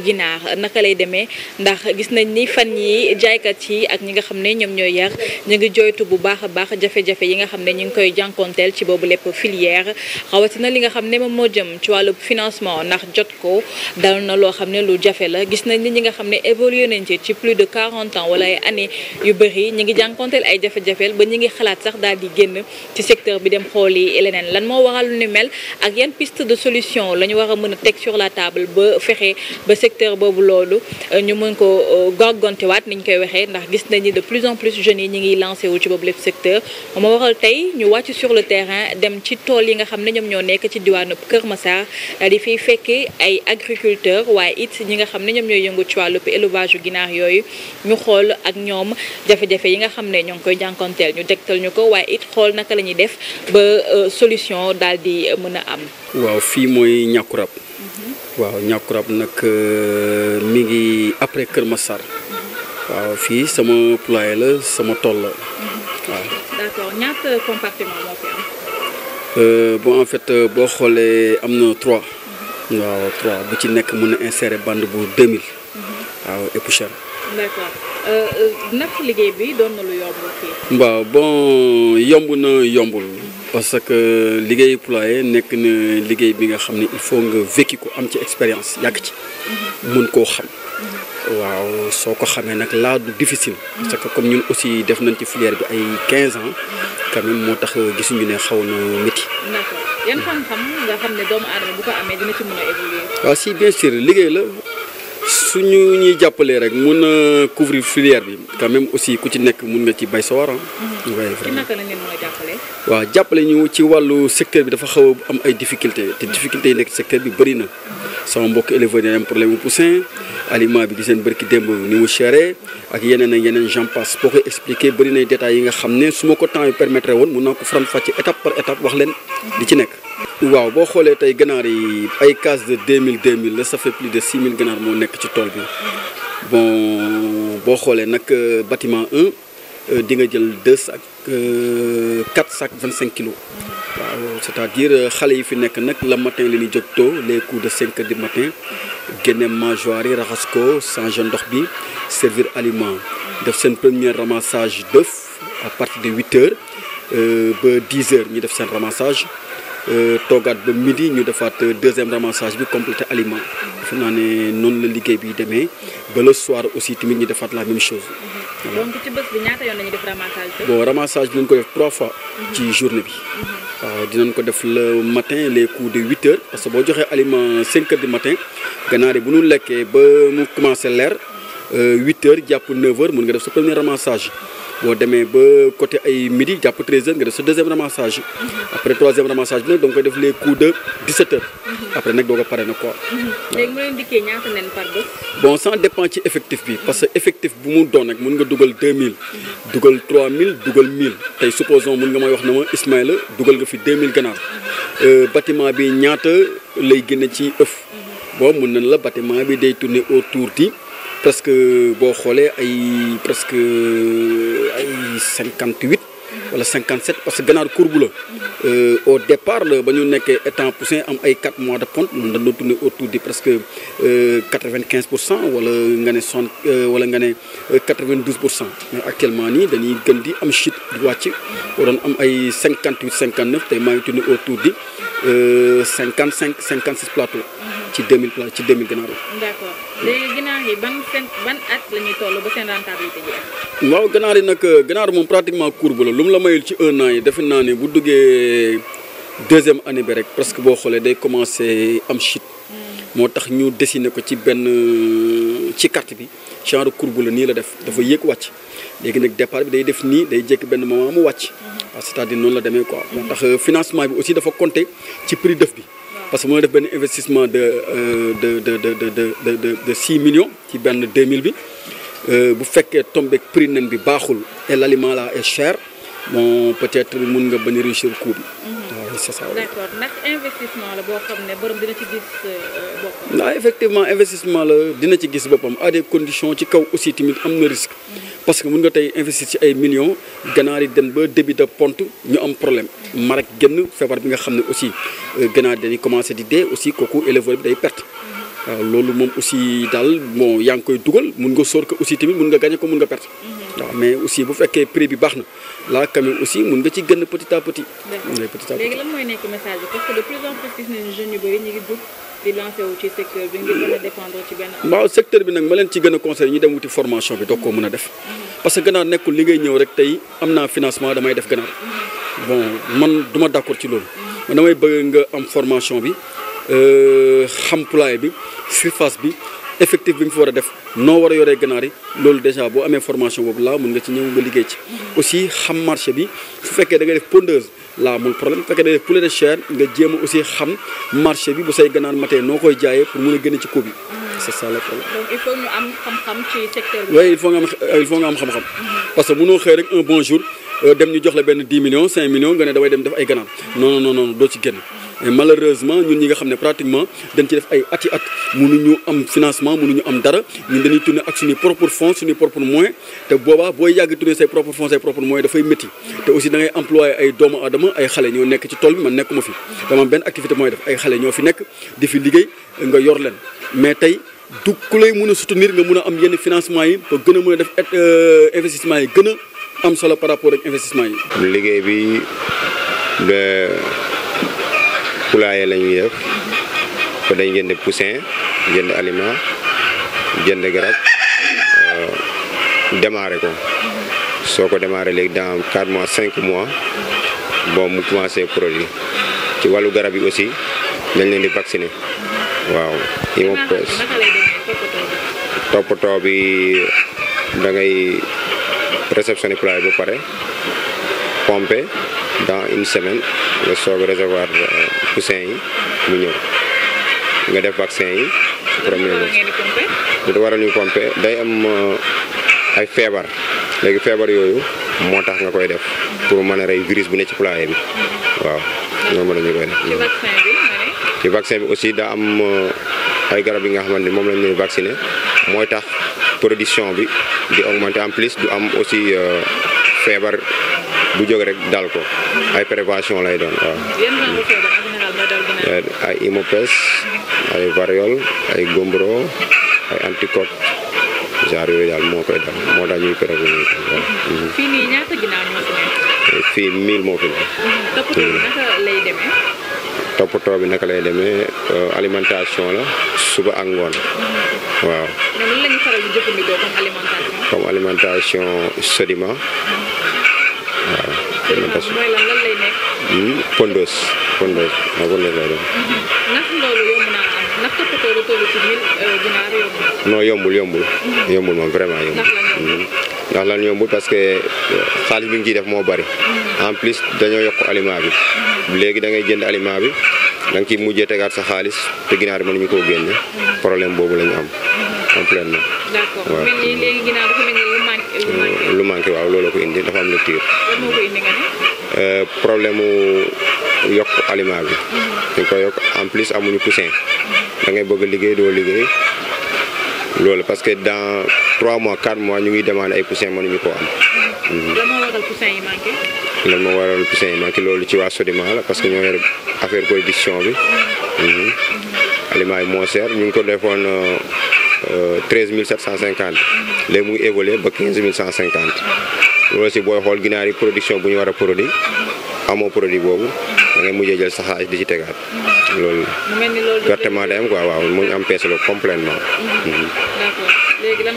ginaar naka lay demee ndax gis nañ ni fan yi jaaykat yi ak ñi nga xam ne ñoom ñooy yar ñu ngi joytu bu baax a baax jafe-jafe yi nga xam ne ñu ngi koy jànkonteel ci boobu lépp filière rawatina li nga xam ne moom moo jëm ci wàllu financement ndax jot ko dal na loo xam ne lu jafe la gis nañ ni ñi nga xam ne évolué nañ ci ci plus de 40 ans wala ay yu bëri ñu ngi jànkonteel ay jafe-jafeel ba ñu ngi xalaat sax daal di génn ci secteur bi dem xool yi leneen lan moo waral lu ni mel ak yan piste de solution lañu ñu war a mën a teg sur table ba fexe secteur boobu loolu euh, ñu mën ko euh, gorgontewaat niñ koy waxee ndax gis nañu de plus en plus jeunes yi ñu ngi lancé wu ci boobu lépp secteur moo waral tey ñu wàcc sur le terrain dem ci tool yi nga xam ne ñoom ñoo nekk ci diwaanu Kër Massar daal euh, di fiy fekki ay agriculteurs waaye it ñi nga xam ne ñoom ñooy yëngu ci wàllu élevage yu ginaar yooyu ñu xool ak ñoom jafe-jafe yi nga xam ne ñoo ngi koy jànkonteel ñu tegtal ñu ko waaye it xool naka la ñuy def ba solution daal di mën a am. waaw fii mooy ñàkkurab waaw Niakoulrab nag euh, mi ngi après Kër Massar waaw fii sama poulailler la sama tool la waaw. d'accord euh, en fait euh, boo xoolee am na trois. waaw trois bu ci nekk mën na insérer bande bu 2000. waaw épouchère. d'accord naka liggéey bi doon na lu yomb waaw bon yomb na yombul. parce que liggéey poulailler nekk na liggéey bi nga xam ne il faut nga vécu ko am ci expérience yàgg ci mun koo xam waaw soo ko xamee nag laa du difficile parce que comme ñun aussi def nañ ci filière bi ay 15 ans quand même moo tax gisuñu ne xaw na métti d'accord yan xam-xam nga xam ne doomu aadama bu ko amee dina ci mën a évoluer waaw ah, si bien sûr liggéey la suñu ñuy jàppalee rek mun a couvrir filière bi quand même aussi ku ci nekk mun nga ci bay sa war mhm. waaw jàppale ñu ci wàllu secteur bi dafa xaw a am ay difficultés te difficultés yi nekk secteur bi bëri na mhm. sama mbokk éleveurs yi am problème mu poussin aliment bi di bërki démb ni mu chéré ak yeneen ak yeneen j'en passe boo koy expliqué bëri nay yi nga xam ne su ma ko temps yi permettre woon mun naa ko faram fàcce étape par étape wax leen di ci nekk waaw boo xoolee tey ganaar yi ay cases de 2000 2000 la ça plus de 6000 ganaar moo nekk ci tool bi bon boo xoolee nag euh, bâtiment 1 Euh, di nga jël deux sacs euh, quatre sacs vingt cinq kilos. waaw c'est-à-dire euh, xale yi fi nekk nag la matin la ñuy jóg tôt les coups de cinq heures du matin génne mangeoire yi raxas ko sangé ndox bi servir aliment def seen premier ramassage d'œuf à partir de huit heures ba dix heures ñu def seen ramassage. Euh, toogaat ba midi ñu defaat deuxième ramassage bi complété aliment defe naa ne noonu la liggéey bi demee ba la soir aussi tamit ñu defaat la même chose. donc ci ramassage bi. ko def trois fois. ci journée bi. Mhm. waaw dinañ ko def le matin les coups de huit heures parce que boo joxee aliment cinq heures du matin ganaar yi bu ñu lekkee ba mu commencé leer euh, huit heures jàpp neuf heures mun nga def sa premier ramassage. boo demee ba côté ay midi jàpp 13 heures nga def sa deuxième ramassage mhm. après troisième ramassage bi nag da nga koy def les coups de 17 heures mhm. après nag doo ko pare nag ko mhm. léegi mu bon ça dépend ci effectif bi parce que effectif bu mu doon nag mun nga dugal 2000 dugal mille dugal mille tey supposons mun nga may wax na ma Ismaïla dugal nga fi 2000 ganaar euh, batiment bi ñaata lay génne ci ëf. bon mun nañ la batiment bi day tourner autour di presque boo xoolee ay presque ay cinquante huit wala cinquante sept parce que ganaar courbe la euh, au départ la ba ñu nekkee étant poussin am ay quatre mois de ponte moom dañ doon tourner autour di presque euh, quatre vingt pour cent wala nga ne soixante euh, wala nga ne quatre pour cent mais actuellement nii dañuy gën di am chute di wàcc boo doon am ay cinquante huit cinquante neuf tey maa ngi tourner autour di cinquante cinq cinquante six plateau ci deux mille ci deux mille ganaar ganaar ban seen ban at la ba seen rentabilité jeex. waaw ganaar yi nag euh, ganaar moom pratiquement courbe la lu mu la mayul ci un an yi defe naa ne bu duggee deuxième année bi rek presque boo xoolee day commencé am chute. Hmm. moo tax ñu desine ko ci benn euh, ci carte bi genre courbe la nii la def dafa yéeg wàcc léegi nag départ bi day def nii day jékki benn moment mu wàcc. Hmm. Ah, c'est-à-dire noonu la demee ko moo tax euh, financement bi aussi dafa compter ci prix def bi. parce que moo def benn investissement euh, de de de de de de de six millions ci benn deux mille bi euh, bu fekkee tombeek prix nen bi baaxul et l'aliment là est cher bon peut-être mun nga bañ a réussir coût c'est ça. d'accord ndax investissement la boo xam ne borom dina ci gis euh, boppam. waaw effectivement investissement la dina ci gis boppam à des ci kaw aussi tamit am na risque. Mm-hmm. parce que mun nga tey investir ci ay millions ganaar yi dem ba début de ponte ñu am problème. mar ak génn feebar bi nga xam ne aussi euh, ganaar dañuy commencé di dee aussi kooku éleveur bi day perte. waaw euh, loolu moom aussi daal bon yaa ngi koy dugal mun nga sóor ko aussi tamit mun nga gagné ko mun nga perte. Mhm. waaw mais aussi bu fekkee prix bi baax na là quand même aussi mun nga gën petit à petit. d'accord léegi lan mooy nekk message bi secteur bi a secteur bi nag ma leen ci gën a conseillé ñu dem wuti formation bi doog koo mën a def. Mhm. parce que ganaar nekkul li ngay ñëw rek tey am naa financement damay def ganaar. Mhm. bon man duma d'accord ci loolu. damay bëgg nga am formation bi. Euh, xam poulailler bi surface bi effectif bi nga fi war a def noo war a yoree ganaar yi loolu déjà boo amee formation boobu laa mun nga ci ñëw nga liggéey ci. aussi xam marché bi su fekkee danga def pondeuse laa mun problème bu fekkee da nga def poulet de chair nga jéem a aussi xam marché bi bu say ganaar matee noo koy jaayee pour mun a génn ci ko bi. c'est ça il faut am xam-xam ci secteur euh, nga am xam-xam. Mm-hmm. parce que munoo xëy rek un bon jour euh, dem ñu jox la benn 10 millions 5 millions nga ne damay dem ay ganaar non non non ci génn. mais malheureusement ñun ñi nga xam ne pratiquement dañ ci def ay at yi at mënuñu am financement mënuñu am dara ñun dañuy tourner ak suñu propre fonds suñu propre moyen te boobaa booy yàgg tourner say propre fonds say propre moyen dafay métti te aussi dangay ngay employé ay doomu aadama ay xale ñoo nekk ci tool ma man nekkuma fi dama am benn activité mooy def ay xale ñoo fi nekk di fi liggéey nga yor leen mais tey du ku lay mun a soutenir nga mun a am yenn financement yi ba gën a mën a def euh, investissement yi gën a am solo par rapport ak investissement yi. liggéey bi poulailler la ñuy def fa dañ jënd poussin jënd aliment jënd garab euh, démarrer ko soo ko démarrer léegi dans 4 mois 5 mois bon mu commencé produit ci wàllu garab yi aussi dañ leen di vacciner waaw hémopèse toppatoo bi da ngay réceptionner poulailler ba pare pomper dans une semaine nga soog réservoir euh, poussin yi mu ñëw nga def vaccin yi. premier bi war a ñu day am euh, ay feebar léegi feebar yooyu moo tax nga koy def pour mën a rey virus bu ne ci poulailler bi waaw. nga mën a ñu koy def ci vaccin bi aussi daa am euh, ay garab yi nga xamante ni moom lañ leen vacciné mooy tax production bi di augmenter en plus du am aussi feebar. bu jóg rek daal ko ay prévention lay doon waaw. ay imopes ay variole ay gombro ay anticoque genre yooyu daal moo koy dal moo tax ñuy prévenir mhm. fii nii moo fi nekk. fii 1000 mhm. bi naka lay deme euh, alimentation la suba ak ngoon mhm. waaw. comme alimentation. comme waaw. jërëjëf mooy lan yombul yombul. Mm-hmm. yombul moom vraiment yombul. ndax lan yombul hmm. parce que euh, xaalis bi nga ciy def moo bari. Mm-hmm. en plus dañoo yokk aliment bi. Mm-hmm. léegi da ngay jënd aliment bi da nga ciy mujjee tegaat sa xaalis te ginaar yi ñu koo génne. problème boobu lañu am. complètement. d'accord mel Euh, lu manqué waaw loolu ko indi dafa am lecture euh, problème mu yokk aliment bi mhm. dañ ko yokk en plus amuñu coussin mhm. da ngay bëgg liggéey doo liggéey loolu parce que dans trois mois quatre mois ñu ngi demandé ay coussin mënuñu koo am mhm. lan moo waral coussin yi manqué lan loolu ci waa Sodima la parce que ñoo yor affaire production bi aliment yi moo seer ñu ngi ko defoon euh, Euh, treize mille sept cent cinquante léegi mu ngi évolué ba quinze cent cinquante loolu aussi booy bu ñu war a amoo produit boobu da ngay mujjee jël sa xaalis di ci tegaat loolu. pertement day waaw mu am peese la complètement. Mm-hmm. léegi lan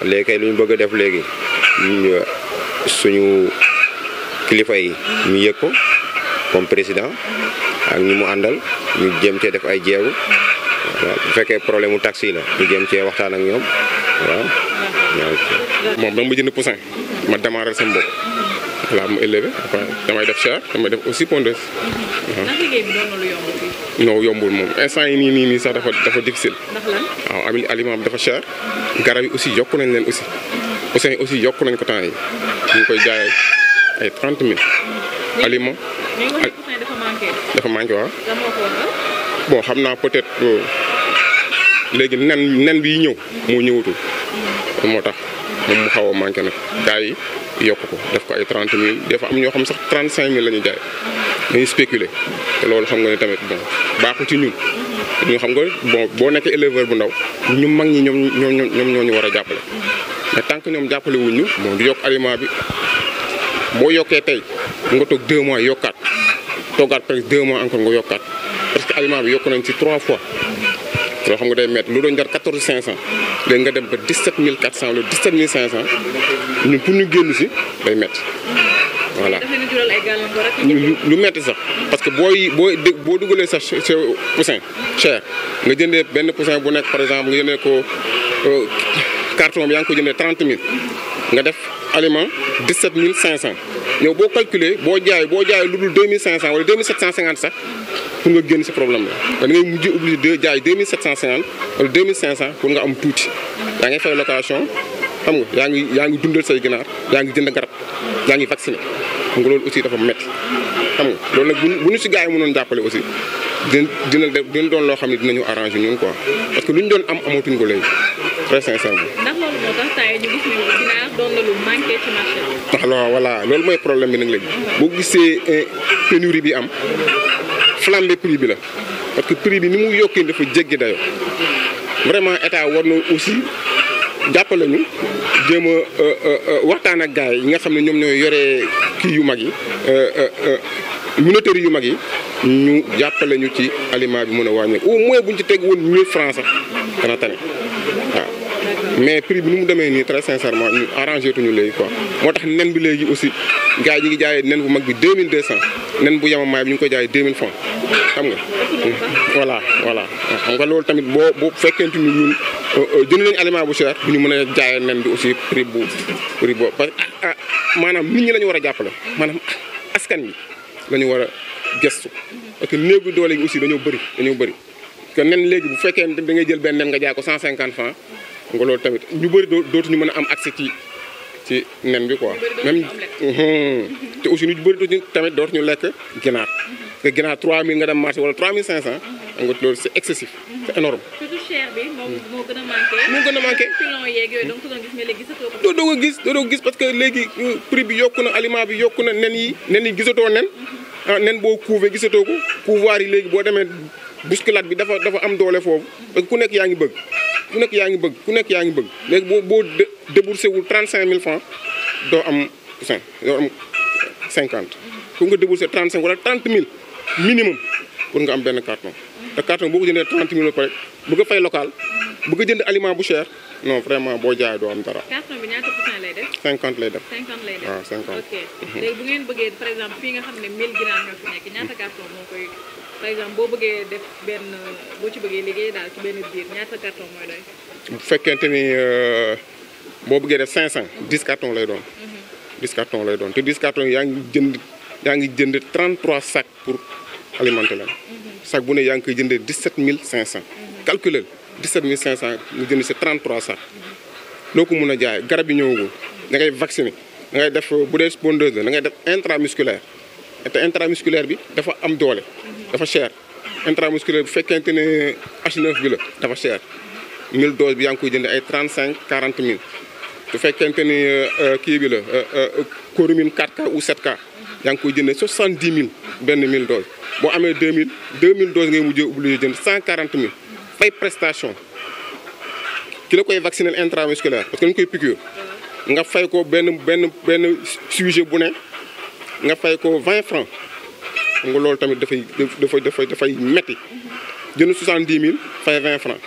ah, bëgg a def léegi lu ñu bëgg def léegi suñu kilifa yi mm-hmm. ñu yëg ko comme président ak ñu mu àndal ñu jéem cee def ay jéego. Mm-hmm. waaw bu fekkee problème mu taxi la ñu jëm cee waxtaan ak ñoom waaw. moom ma jënd poussin ma démarrer sama bopp voilà mu élevé damay def char damay def aussi pondeuse. waaw yomb fii. non yombul moom instant yi nii nii nii sax dafa dafa difficile. ndax waaw am aliment bi dafa cher. garab yi aussi yokku nañ leen aussi. poussin aussi yokku nañ ko temps yi ñu koy jaayee ay trente mille. aliment dafa manqué. waaw. bon xam naa peut-être. Euh, léegi nen nen bi ñëw moo ñëwatul moo tax moom mu xaw a manqué nag gars yi yokk ko def ko ay trente mille des fois am ñoo xam sax trente cinq mille la ñu jaay dañuy spéculer te loolu xam nga ne tamit bon baaxul ci ñun. ñu xam nga bon boo nekkee éleveur bu ndaw ñu mag ñi ñoom ñoo ñoom ñoo ñu war a jàppale mais tant que ñoom jàppale wuñ ñu bon du yokk aliment bi boo yokkee tey nga toog deux mois yokkaat toogaat presque deux mois encore nga yokkaat parce que aliment bi yokk nañ ci trois fois. loo xam nga day métti lu doon jar 14 500 léegi nga dem ba 17 400 wala 17 500 ñun pour ñu génn si day métti voilà. lu métti sax parce que booy booy dé boo dugalee sax sa poussin cher nga jëndee benn poussin bu nekk par exemple nga jëndee ko euh, carton bi yaa ngi ko jëndee 30 000 nga def. aliment 17 500 yow boo calculer boo jaay boo jaay lu dul 2500 wala 2750 sax pour nga génn si problème la da ngay mujj obligé de jaay 2750 wala 2500 pour nga am tuuti yaa ngay fay location xam nga yaa ngi yaa ngi dundal say ginaar yaa ngi jënd garab yaa ngi vacciné xam nga loolu aussi dafa métti xam nga loolu ne bu ñu si gaa yi mënoon jàppale aussi dina dina doon loo xam ne dinañu arrangé ñun quoi parce que lu ñu doon am amatuñ ko léegi très sincèrement. ndax loolu moo tax saa yi ñu gis voilà loolu mooy problème bi nag léegi. boo gisee eh, pénurie bi am flambé prix bi la. parce que prix bi ni mu yokkee dafa jéggi dayoo vraiment état war na aussi jàppale ñu jéem a euh, euh, euh, waxtaan ak gars yi nga xam ne ñoom ñooy yore kii yu mag yi minoterie yu mag yi ñu jàppale ci aliment bi mën a wàññi au moins bu ñu ci teg woon 1000 francs sax dana mais prix bi nu mu demee nii très sincèrement ñu arrangé tuñu léegi quoi moo tax nen bi léegi aussi gars yi ñu ngi jaayee nen bu mag bi 2200 nen bu yamamaay bi ko jaayee 2000 francs xam nga voilà voilà xam loolu tamit boo bu fekkente ni ñun euh, euh, jënd nañ aliment bu cher bu ñu mën a jaayee nen bi aussi prix bu prix boobu parce que ah, ah, maanaam nit ñi la ñu war a jàppale maanaam askan bi la ñu war a gestu parce que néegu doole yi dañoo bëri dañoo bëri que nen léegi bu fekkee da ngay jël benn nen nga jaay ko 150 francs xam nga loolu tamit ñu bëri dootuñu mën a am accès ci ci nen bi quoi. même mhm. te aussi ñu bëri dootuñu tamit dootuñu lekk ginaar. te ginaar 3000 nga dem marché wala 3500. xam mhm. mhm. nga loolu c' est excessif c' est gis ko. doo doo ko gis gis parce que léegi prix bi yokku na aliment bi yokku na nen yi nen yi gisatoo nen. ah nen boo couvé gisatoo ko couvoir yi léegi boo demee. bousculade bi dafa dafa am doole foofu ku nekk yaa ngi bëgg ku nekk yaa ngi bëgg ku nekk yaa ngi bëgg léegi boo boo déboursé wul mille francs doo am 5 doo am 50 pour nga déboursé 35 wala 30000 minimum pour nga am benn carton te carton boo ko jëndee 30000 ba pare bëgg a fay local bëgg a jënd aliment bu cher non vraiment boo jaayee doo am dara. carton bi ñaata pourcent lay def. 50 lay def 50 lay def par exemple boo bëggee def benn boo ci bëggee liggéey daal ci benn biir ñaata carton mooy doy. bu fekkente ni euh, boo bëggee def 500 10 carton lay doon. 10 mhm. carton lay doon te 10 carton yaa ngi jënd yaa ngi jënd 33 sacs pour alimenter leen. Mhm. sac bu ne yaa ngi koy jëndee mille 17500. calculer 17500 nga jënd si 33 sacs. Mhm. loo ko mun a jaay garab yi ñëwagul da ngay vacciner da def bu dee spondylosis da ngay def intramusculaire. te intramusculaire bi dafa am doole dafa cher intramusculaire bu fekkente ne h bi la dafa cher 1000 dose bi yaa ngi koy jënd ay 35 40 mille bu fekkente ni euh, euh, kii bi la euh, coromine 4K ou 7K yaa ngi koy jëndee 70 mille benn 1000 dose boo amee 2000 2000 dose ngay mujjee obligé jënd 140 mille fay prestation ki la koy vacciner intramusculaire parce que dañu koy piqûre nga fay ko benn benn benn sujet bu ne. nga fay ko vingt francs xam nga loolu tamit dafay dafay dafay dafay metti jënd 70 000 fay 20 francs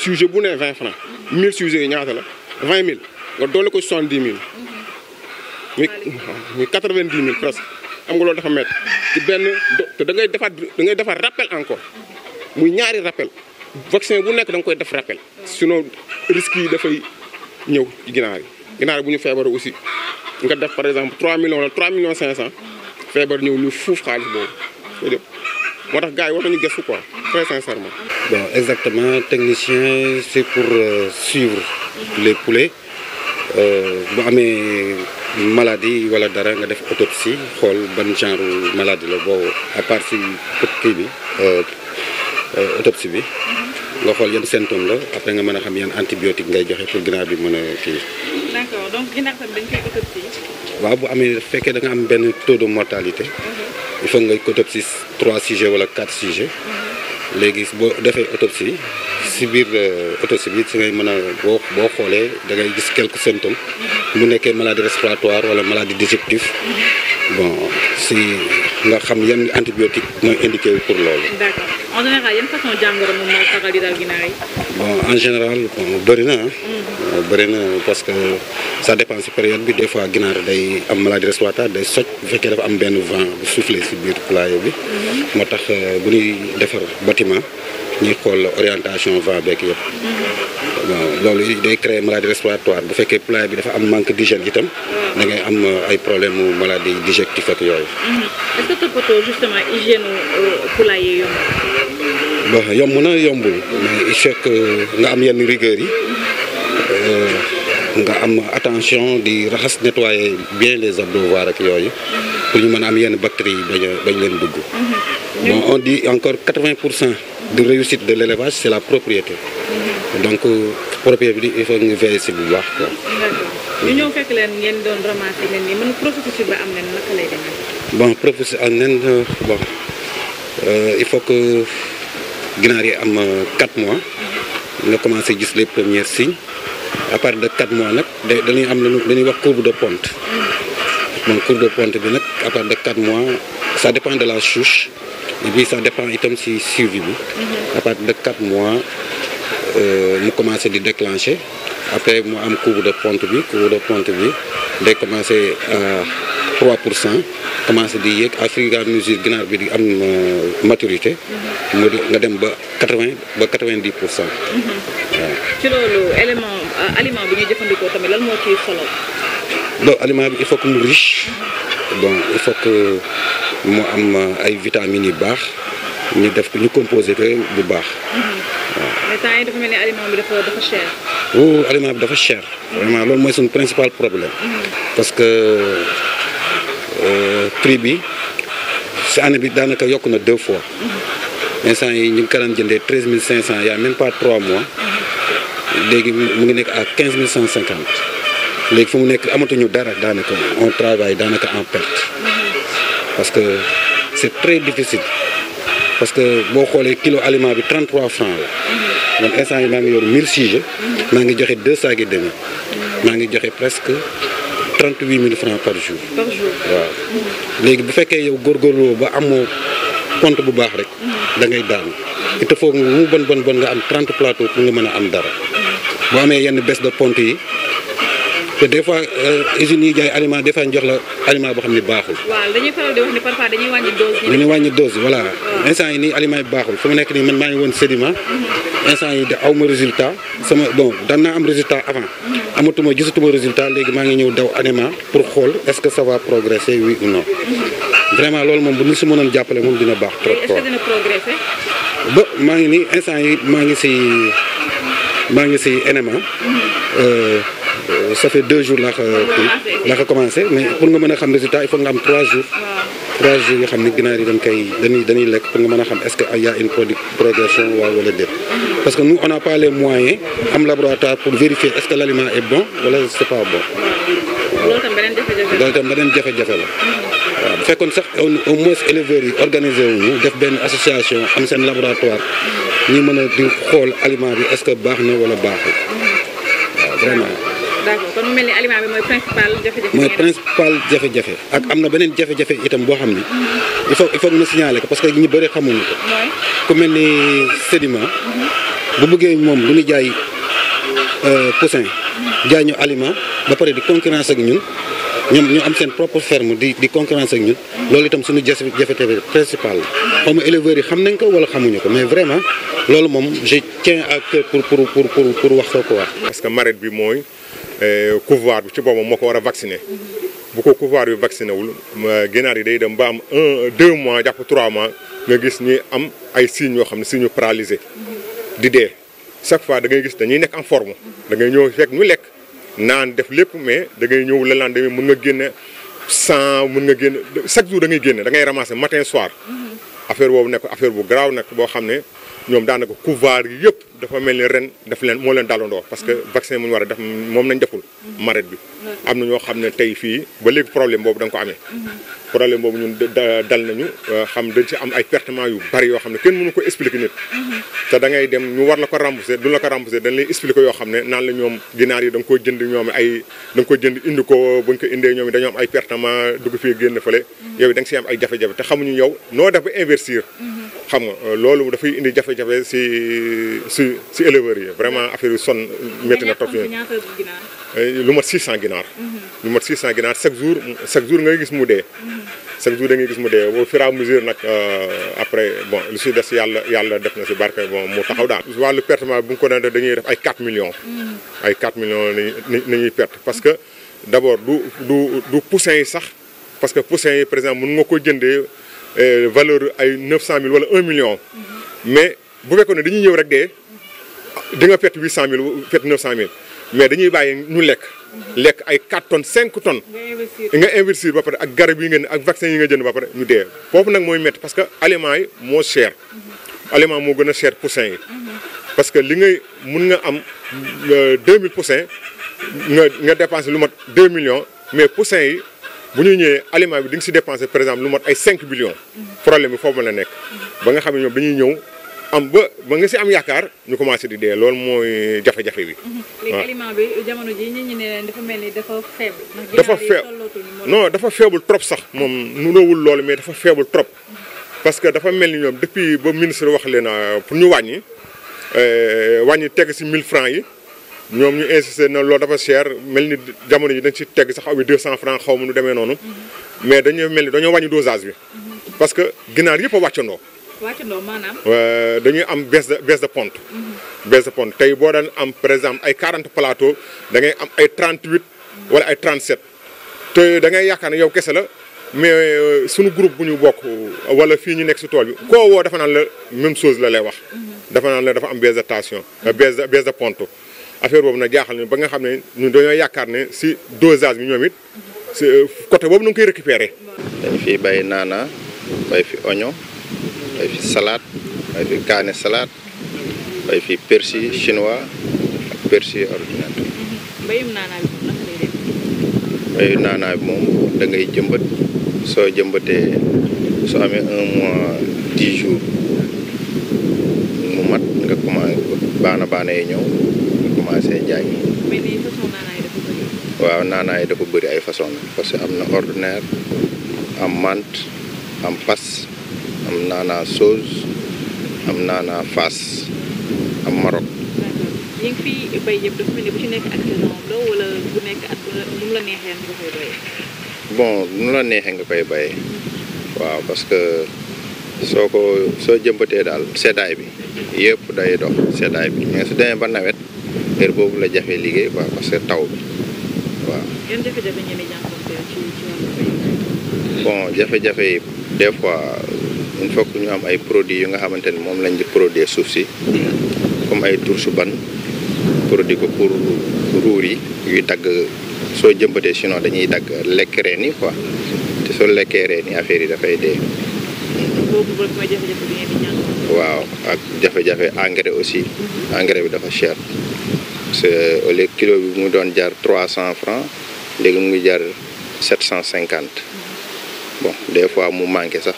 sujet bu ne 20 francs 1000 sujets yi ñaata la vingt mille nga doole ko 70 000 muy muy 90 000 presque am nga loolu dafa metti ci benn te da ngay defaat da ngay defaat rappel encore muy ñaari rappel vaccin bu nekk da nga koy def rappel sinon risques yi dafay ñëw ci ginaar yi ginaar bu ñu feebaree aussi nga def par exemple 3 millions la 3 millions 500 feebar ñëw ñu fuuf xaalis boobu loolu moo tax gars yi war nañu gëstu quoi très sincèrement. bon exactement technicien c'est pour euh, suivre les poulets euh, bu amee maladie wala dara nga def autopsie xool ban genre maladie la boo à part si kii bi euh, euh, autopsie bi. nga xool yan symptôme la après nga mën a xam yan antibiotique ngay joxe pour ginaar bi mën a kii. d'accord waaw bu amee fekkee da nga am benn taux de mortalité. Mhm. il faut nga autopsie trois sujets wala 4 sujets. Mhm. léegi boo defee autopsie. si biir euh, autopsie bi si ngay mën a boo boo xoolee da ngay gis quelques symptômes mu nekkee maladie respiratoire wala maladie digestive bon si nga xam yan antibiotique mooy indiqué bi pour loolu. d'accord en général yan façon bëri na mm-hmm. euh, bëri na parce que sa dépend si période bi des fois ginaar day am maladie respiratoire day soj bu fekkee dafa am benn vent bu soufflé si biir poulailler bi. Mm-hmm. moo tax euh, bu nuy defar bâtiment. ñuy xool orientation vent beeg yëpp bon loolu day créer maladie respiratoire bu fekkee plat bi dafa am manque d'hygiène itam da ngay am euh, ay problème mu maladie digestif ak yooyu. Mm-hmm. est-ce euh, yomb. bon yomb na yombul euh, nga am yenn rigueur yi. nga am attention di raxas nettoyer bien les abreuvoirs ak yooyu pour ñu mën a am yenn bactéries yi bañ leen dugg. Mm-hmm. bon on dit pour cent. de réussite de l'élevage c'est la propriété donc propriété bi il faut ñu veiller si bu baax quoi. ñu ñëw fekk leen ngeen doon ramasser nen yi man processus ba am nen naka lay demee. bon processus ak nen il faut que ginaar yi am 4 euh, mois mhm. nga commencé gis les première signes à de 4 mois nag dañuy am lu ñuy wax courbe de ponte mhm. bon courbe de ponte bi nag à part de 4 mois ça dépend de la chouche et puis ça dépend itam si suivi bi. Mhm. à partir de 4 mois euh, mu commencé di déclencher après mu am couve de ponte bi courbe de ponte bi day commencé à pour cent commencé di yëg à fur et ginaar bi di am euh, maturité. Mhm. mu nga dem ba 80 ba 90 pour cent. Mhm. waaw loolu élément euh, aliment bi ñuy jëfandikoo tamit lan moo ciy solo. donc aliment bi il faut que mu riche bon il faut que mu am euh, ay vitamines yu baax ñu def ko ñu composé ko bu baax. Mm-hmm. mais temps aliment bi dafa dafa cher. loolu mooy suñu principal problème. Mm-hmm. parce que euh, prix bi si année bi daanaka yokk na deux fois. Mm-hmm. instant yi ñu ngi ko daan jëndee treize mille cinq cent y a même pas trois mois. léegi mu ngi nekk à quinze mille cent cinquante. léegi fu mu nekk amatuñu dara daanaka on travaille daanaka en perte parce que c'est très difficile parce que boo xoolee kilo aliment bi 33 francs la man yi maa ngi yor 1000 sujets maa ngi joxe deux sacs et demi maa ngi joxe presque 38 000 francs par jour. par waaw léegi bu fekkee yow góorgóorloo ba amoo compte bu baax rek da ngay daanu il te foog mu bon bon bon nga am 30 plateaux pour nga mën a am dara boo amee yenn baisse de ponte yi. te des fois euh, usines yi jaay aliment defaa fois jox la aliment boo xam ne baaxul. waaw dañuy faral di wax wàññi dose yi. voilà. instant yi nii aliment yi baaxul fu mu nekk nii man maa ngi woon sédiment. Mhm. instant yi da aw ma résultat. sama bon dana naa am résultat avant. Mhm. amatuma gisatuma résultat léegi maa ngi ñëw daw aliment pour xool est-ce que ça va progresser oui ou non. Mhm. vraiment loolu moom bu ñu si mënoon jàppale moom dina baax. trop est ba maa ngi nii instant yi maa ngi si maa ngi si NMA. Euh, Euh, ça fait deux jours laa ko laa commencé mais pour nga mën a xam résultat il faut nga am trois jours trois jours yoo xam ne ginaar yi dañ koy dañuy dañuy lekk pour nga mën a xam est-ce que y a une progression waaw wala de mm-hmm. parce que nous on n'a pas les moyens am laboratoire pour vérifier est-ce que l'aliment est bon wala c'est pas bon loolu dem beneen jafe-jafe la tam beneen jafe mm-hmm. sax au moins éleveurs yi organisé wuñu def benn association am seen laboratoire mm-hmm. ñu mën a di xool aliment bi est-ce que baax na wala baaxul mooy principal jafe-jafe. jafe ak am na beneen jafe-jafe itam boo xam ni. il faut il faut ñu signaler ko parce que ñu bëri xamuñu ko. ku mel ni sédiment. bu bëggee moom du ñu jaay euh, poussin. jaay ñu aliment ba pare di concurrence ak ñun. ñoom ñu am seen propre ferme di di concurrence ak ñun loolu itam suñu jafe-jafe principal la xaw ma éleveurs yi xam nañ ko wala xamuñu ko mais vraiment loolu moom je tiens à cœur pour pour pour pour wax soo ko wax parce que maret bi mooy Euh, couvoir bi ci boppam moo ko war a vacciner bu ko couvoir bi vacciné wul ginaar yi day dem mbaam am un deux mois jàpp trois mois nga gis ñuy am ay signes yoo xam ne signes paralysé di dee chaque fois da ngay gis dañuy nekk en forme da ngay ñëw fekk ñu lekk naan def lépp mais da ngay ñëw la laan demee mën nga génne sans mun nga génne chaque jour da ngay génne da ngay matin soir mm-hmm. affaire boobu nekk affaire bu garaaw nekk boo xam ne ñoom daanaka couvoir yi yëpp dafa mel ni ren daf leen moo leen dalandoo parce que mm-hmm. vaccin mu ñu war a def moom nañ deful maret bi mm-hmm. am na ñoo xam ne tey fii ba léegi problème boobu da nga ko amee mm-hmm. problème boobu ñun dal nañu euh, xam dañ ci am ay pertement yu bari yoo xam ne kenn mënu ko expliquer da ngay dem ñu war la ko rembourser du la ko rembourser dañ yoo xam ne naan la ñoom ginaar yi da nga ko jënd ñoom ay da ko jënd indi ko bu ñu ko indee ñoom dañoo am ay pertement dugg fii génn fële yow da nga siy am ay jafe-jafe te xamuñu yow noo def ba investir xam nga euh, loolu dafay indi jafe-jafe si si si éleveurs yi vraiment affaire yi sonn métti na trop eh, lu mat 600 ginaar. Mhm. lu mat ginaar chaque jour ngay gis mu dee. Mhm. chaque jour da ngay gis mu dee au fur nag euh, après bon lu si des yàlla yàlla def na si barke bon mu taxaw daal. Mhm. wàllu perte bu nga ko doon def dañuy def ay 4 millions. ay 4 millions la ñuy perte parce que d' abord du du du poussin yi sax parce que poussin yi par exemple mun nga ko jëndee eh, valeur ay 900000 wala 1 million. mais bu fekkoon ne dañuy ñëw di nga perte huit cent mille perte neuf cent mille mais dañuy bàyyi ñu lekk. lekk ay quatre tonnes cinq tonnes. nga investir ba pare ak garab yi ngeen ak vaccin yi nga jënd ba pare ñu dee. foofu nag mooy métti parce que aliment yi moo cher. aliment moo gën a cher poussin yi. parce que li ngay mun nga am deux mille poussin nga nga dépensé lu mat deux millions mais poussin yi bu ñu ñëwee aliment bi di nga si dépensé par exemple lu mot ay cinq millions. Mm-hmm. problème bi foofu la nekk. ba nga xamee ne ñoom dañuy ñëw. am ba ba nga si am yaakaar ñu commencé di dee loolu mooy jafe-jafe bi. Mhm. waaw aliment bi dafa mel ni dafa faible. trop sax moom nuroowul loolu mais dafa feebul trop. Mhm. parce que dafa mel ni ñoom depuis ba ministre wax leen euh, pour ñu wàññi euh, wàññi teg si mille francs yi ñoom ñu insisté na loolu dafa cher mel ni jamono ji dañ si teg sax awi 200 francs xaw ma nu demee noonu. Mhm. mais dañoo mel ni dañoo wàññi dosage bi. parce que ginaar yëpp a wàccandoo. wàccandoo maanaam. dañuy am baisse de baisse de ponte. Mm-hmm. baisse de ponte tey boo daan am par exemple ay 40 plateau da ngay am ay 38 wala ay 37 te da ngay yaakaar ne yow kese la mais euh, suñu groupe bu ñu bokk wala fii ñu nekk si tool bi koo woo dafa naan la même chose la lay wax. Mm-hmm. dafa naan la dafa am baisse de tension. Euh, baisse de baisse ponte affaire boobu nag jaaxal nañu ba nga xam ne ñun dañoo yaakaar ne si dosage bi ñoom it si euh, côté boobu nu ngi koy récupérer. dañ fi bay naana bay fi oignon. bay fi salade bay fi kaane salaat bay fi persil chinois ak persil ordinateur. mbayum naanaa moom naka lay da ngay jëmbat soo jëmbatee soo amee un mois dix jours mu mat nga commencé baana baana yi ñëw nga commencé jaay. mais léegi façon waaw naanaa yi dafa bëri ay façon parce que am na ordinaire am mant am passe. am naanaa Sose am naanaa Fass am Maroc. bon nu la neexee nga koy bayee waaw parce que soo ko soo jëmbatee daal seddaay bi yëpp day dox seddaay bi mais su demee ba nawet heure boobu la jafe liggéey quoi parce que taw bi waaw. bon jafe-jafe yi des il faut que ñu am ay produits yu nga xamante ni moom lañ di produire suuf si comme ay tursu ban produit ko pour ruur yi yuy dagg soo jëmbatee sinon dañuy dagg lekk reen yi quoi te soo lekkee reen yi affaire yi dafay dee waaw ak jafe-jafe engrais aussi engrais bi dafa cher parce que au lieu kilo bi mu doon jar trois cent franc léegi mu ngi jar sept cent cinquante bon des fois mu manqué sax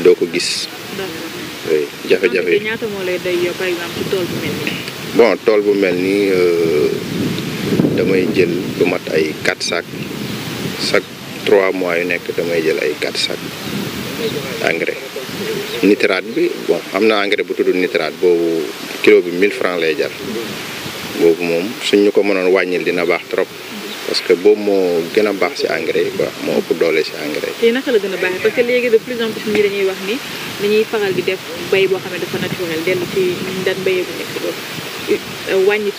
doo ko gis. jafe-jafe yi tool bu mel nii. bon euh, damay jël lu mat ay quatre sac chaque trois mois yu nekk damay jël ay quatre sac engrais nitrate bi bon am na engrais bu tudd nitrate boobu kilo bi 1000 francs lay jar boobu moom suñ ñu ko mënoon wàññil dina baax trop. parce que boobu moo gën a baax si engrais yi quoi moo ëpp doole si engrais yi. tey naka la gën a baaxee parce que léegi de plus en plus dañuy wax ni dañuy faral di def bay boo xam dafa naturel dellu ci ñu daan bayee bu nekk boobu euh, wàññi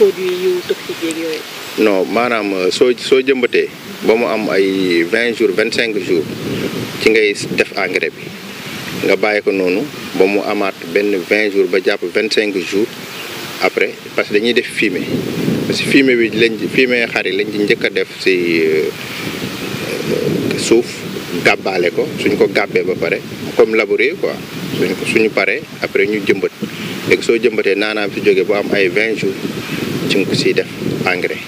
produit yu toxique yeeg yooyu. non maanaam euh, soo soo jëmbatee ba mu am ay vingt jours vingt cinq jours ci ngay def engrais bi nga bàyyi ko noonu ba mu amaat benn vingt jours ba jàpp vingt cinq jours après parce que dañuy def fumier. si fumier bi lañ fumier xar yi lañ ci njëkk a def si euh, suuf gàbbaale ko suñ ko gàbbee ba pare comme labourer quoi suñ ko paree après ñu jëmbat léegi soo jëmbatee naanaam si jógee bu am ay 20 jours ci nga si def engrais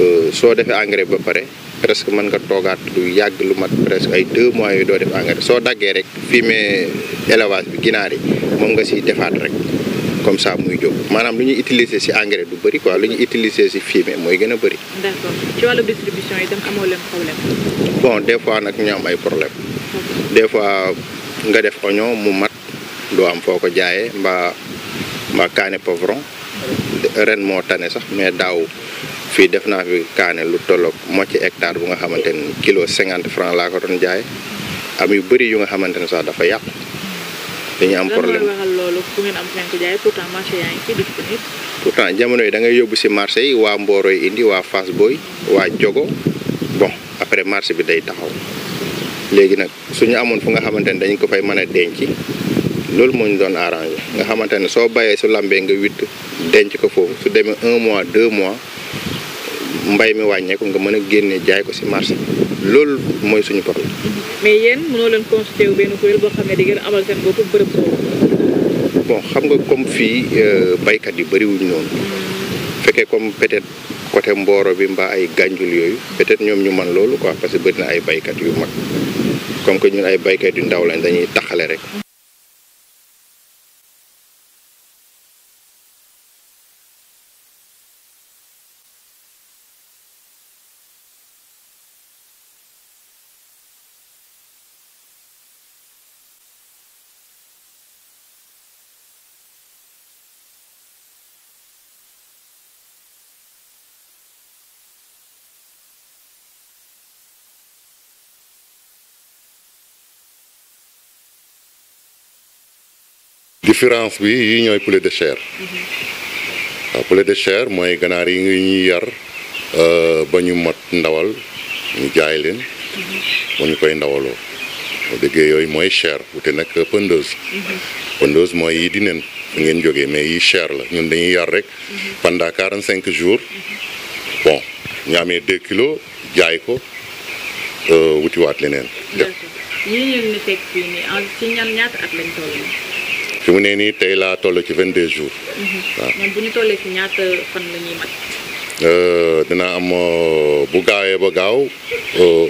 euh, soo defee engrais ba pare presque mën nga toogaat lu yàgg lu mat presque ay deux mois yu doo def engrais soo daggee rek fumier élevage bi ginaar yi moom nga si defaat rek comme ça muy jóg maanaam lu ñuy utiliser ci engrais du bëri quoi lu ñu utiliser ci fumier mooy gën a bëri. bon des fois nag ñu am ay problème des fois nga def oignon mu mat doo am foo ko jaayee mbaa mbaa kaane poivron ren moo tane sax mais daaw fii def naa fi kaane lu tolloog moitié hectare bu nga xamante ni kilo cinquante franc laa ko doon jaay am yu bëri yu nga xamante ne sax dafa yàqu. dañuy am problème pourtant jamono yi da ngay yóbbu si marché yi waa Mboroy indi waa Fass booy waa Jogo bon après marché bi day taxaw léegi nag suñu amoon fu nga xamante ne dañ ko fay mën a denc loolu moo ñu doon arrangé nga xamante ne soo bayee su lambee nga witt denc ko foofu su demee un mois deux mois mbay mi wàññeeku nga mën a génnee jaay ko si marché bi loolu mooy suñu problème. mais yéen mënoo leen constaté boo xam ne di ngeen amal seen bopp bërëb boobu. bon xam nga comme fii euh, baykat yi bëriwuñ noonu fekkee comme peut-être côté Mboro bi mbaa ay gànjul yooyu peut-être ñoom ñu man loolu ko parce que bëri na ay baykat yu mag comme ñu ñun ay baykat yu ndaw lañ dañuy taxale rek. différence bi yi ñooy poulet de chair mhm. waaw poulet de chair mooy ganaar yi ngi ñuy yar euh, ba ñu mat ndawal ñu jaay leen mhm. ba ñu koy ndawaloo bu déggee yooyu mooy chair wute nag pondeuse mhm. pondeuse mooy yi neen fi ngeen jógee mais yi chair la ñun dañuy yar rek pendant quarante cinq jours bon ñu amee deux jaay ko euh, wutiwaat leneen. yéen fi mu nee nii tey laa toll ci 22 jours. Mhm. waaw man bu ñu tollee ci ñaata fan la mat. Euh, dina am euh, bu gaawee ba gaaw euh,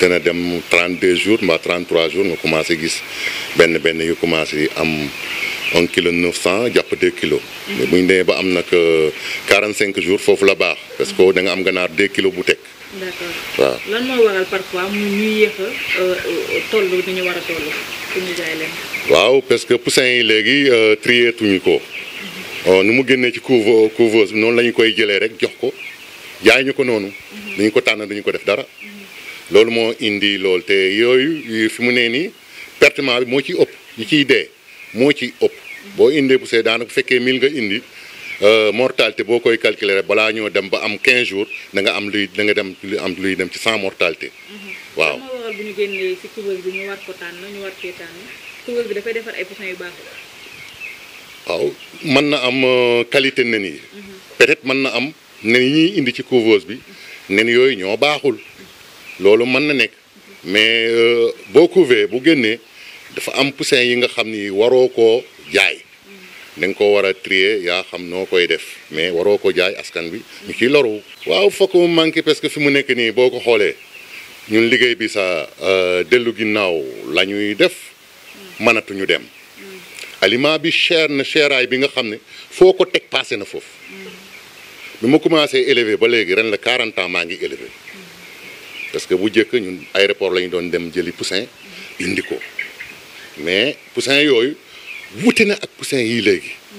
dina dem 32 jours mbaa 33 jours nga commencé gis benn benn yu commencé am. un kilo neuf cent jàpp deux kilo mhm. mais bu ñu demee ba am nag quarante cinq jours foofu la baax parce que mhm. da nga am ganaar deux kilo bu teg d'accord euh, waaw parce que poussin yi léegi euh, trier tuñu ko mhm. euh, nu mu génnee ci couve couveuse noonu lañu koy jëlee rek jox ko jaay ñu ko noonu. Mhm. dañu ko tànn dañu ko def dara. Mhm. loolu moo indi loolu te yooyu fi mu nee nii pertement bi moo ciy ëpp yi ciy dee moo ci ëpp. boo indee poussin daanaka bu fekkee mil nga indi. Euh, mortalité boo koy calculer balaa ñoo dem ba am 15 jours da am luy da nga dem lu am luy dem ci sans mortalité. Mm-hmm. waaw bu mën na am euh, qualité nen yi. Mm-hmm. peut-être mën na am nen yi ñuy indi ci couveuse bi nen yooyu ñoo baaxul loolu mën na nekk mm-hmm. mais euh, boo couver bu génnee dafa am poussin yi nga xam ni waroo koo jaay. na nga ko war a trier yaa xam noo koy def mais waroo ko jaay askan bi ñu ciy loru. waaw fokk mu manqué parce que fi mu nekk nii boo ko xoolee ñun liggéey bi sa euh, dellu ginnaaw la ñuy def mënatuñu dem aliment bi cher na cheraay bi nga xam ne foo ko teg passé na foofu bi ma commencé élever ba léegi ren la 40 ans maa ngi élever parce que bu njëkk ñun aéroport la ñu doon dem jëli poussin indi ko mais poussin yooyu. wute na ak poussin yi léegi mm.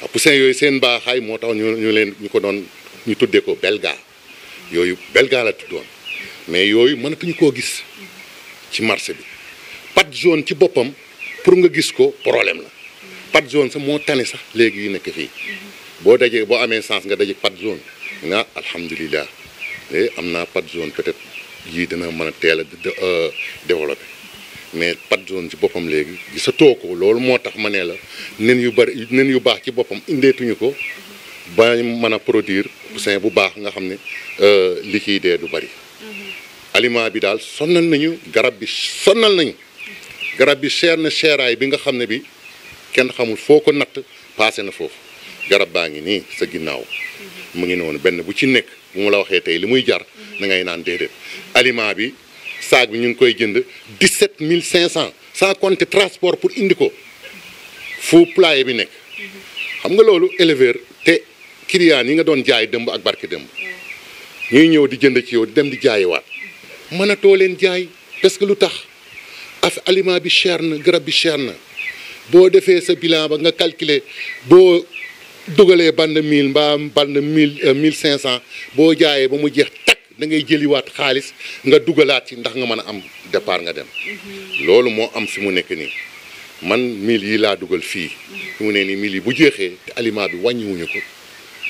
waaw poussin yooyu seen baaxaay moo tax ñu ñu leen ñu ko doon ñu tuddee ko belga yooyu belga la tuddoon mais yooyu mënatuñu ko gis ci marché bi pâte zone ci boppam pour nga gis ko problème la pâte zone sax moo tane sax léegi yi nekk fii mm-hmm. boo dajee boo amee sens nga daje pâte jaune nga alhamdulilah eh, am naa pâte zone peut-être yii dina mën a teel a euh, développé mais pat zone ci boppam léegi gisatoo ko loolu moo tax ma ne la nen yu bari nen yu baax ci boppam indeetuñu ko ba mën a produire poussin bu baax nga xam ne euh, liquide du bari mm-hmm. aliment bi daal sonnal nañu garab bi sonnal nañu garab bi cher na cheraay bi nga xam ne bi kenn xamul foo ko natt paase na foofu garab baa ngi nii sa ginnaaw mm-hmm. mu ngi noonu benn bu ci nekk bu mu la waxee tey li muy jar da mm-hmm. ngay naan déedéet aliment bi saag bi ñu ngi koy jënd mille 17500 sans compter transport pour indi ko fu poulailler bi nekk. xam nga loolu éleveur te client yi nga doon jaay dëmb ak barki dëmb ñuy ñëw di jënd ci yow di dem di jaayiwaat mënatoo leen jaay parce que lu tax af aliment bi cher na garab bi cher na boo defee sa bilan ba nga calculer boo dugalee band 1000 mbaa band cinq 1500 boo jaayee ba mu jeex. da ngay jëliwaat xaalis nga dugalaat ci ndax nga mën a am départ nga dem. Mhm. loolu moo am fi mu nekk nii man mil yi laa dugal fii. Mhm. fi mu ne nii mil yi bu jeexee te aliment bi wàññiwuñu ko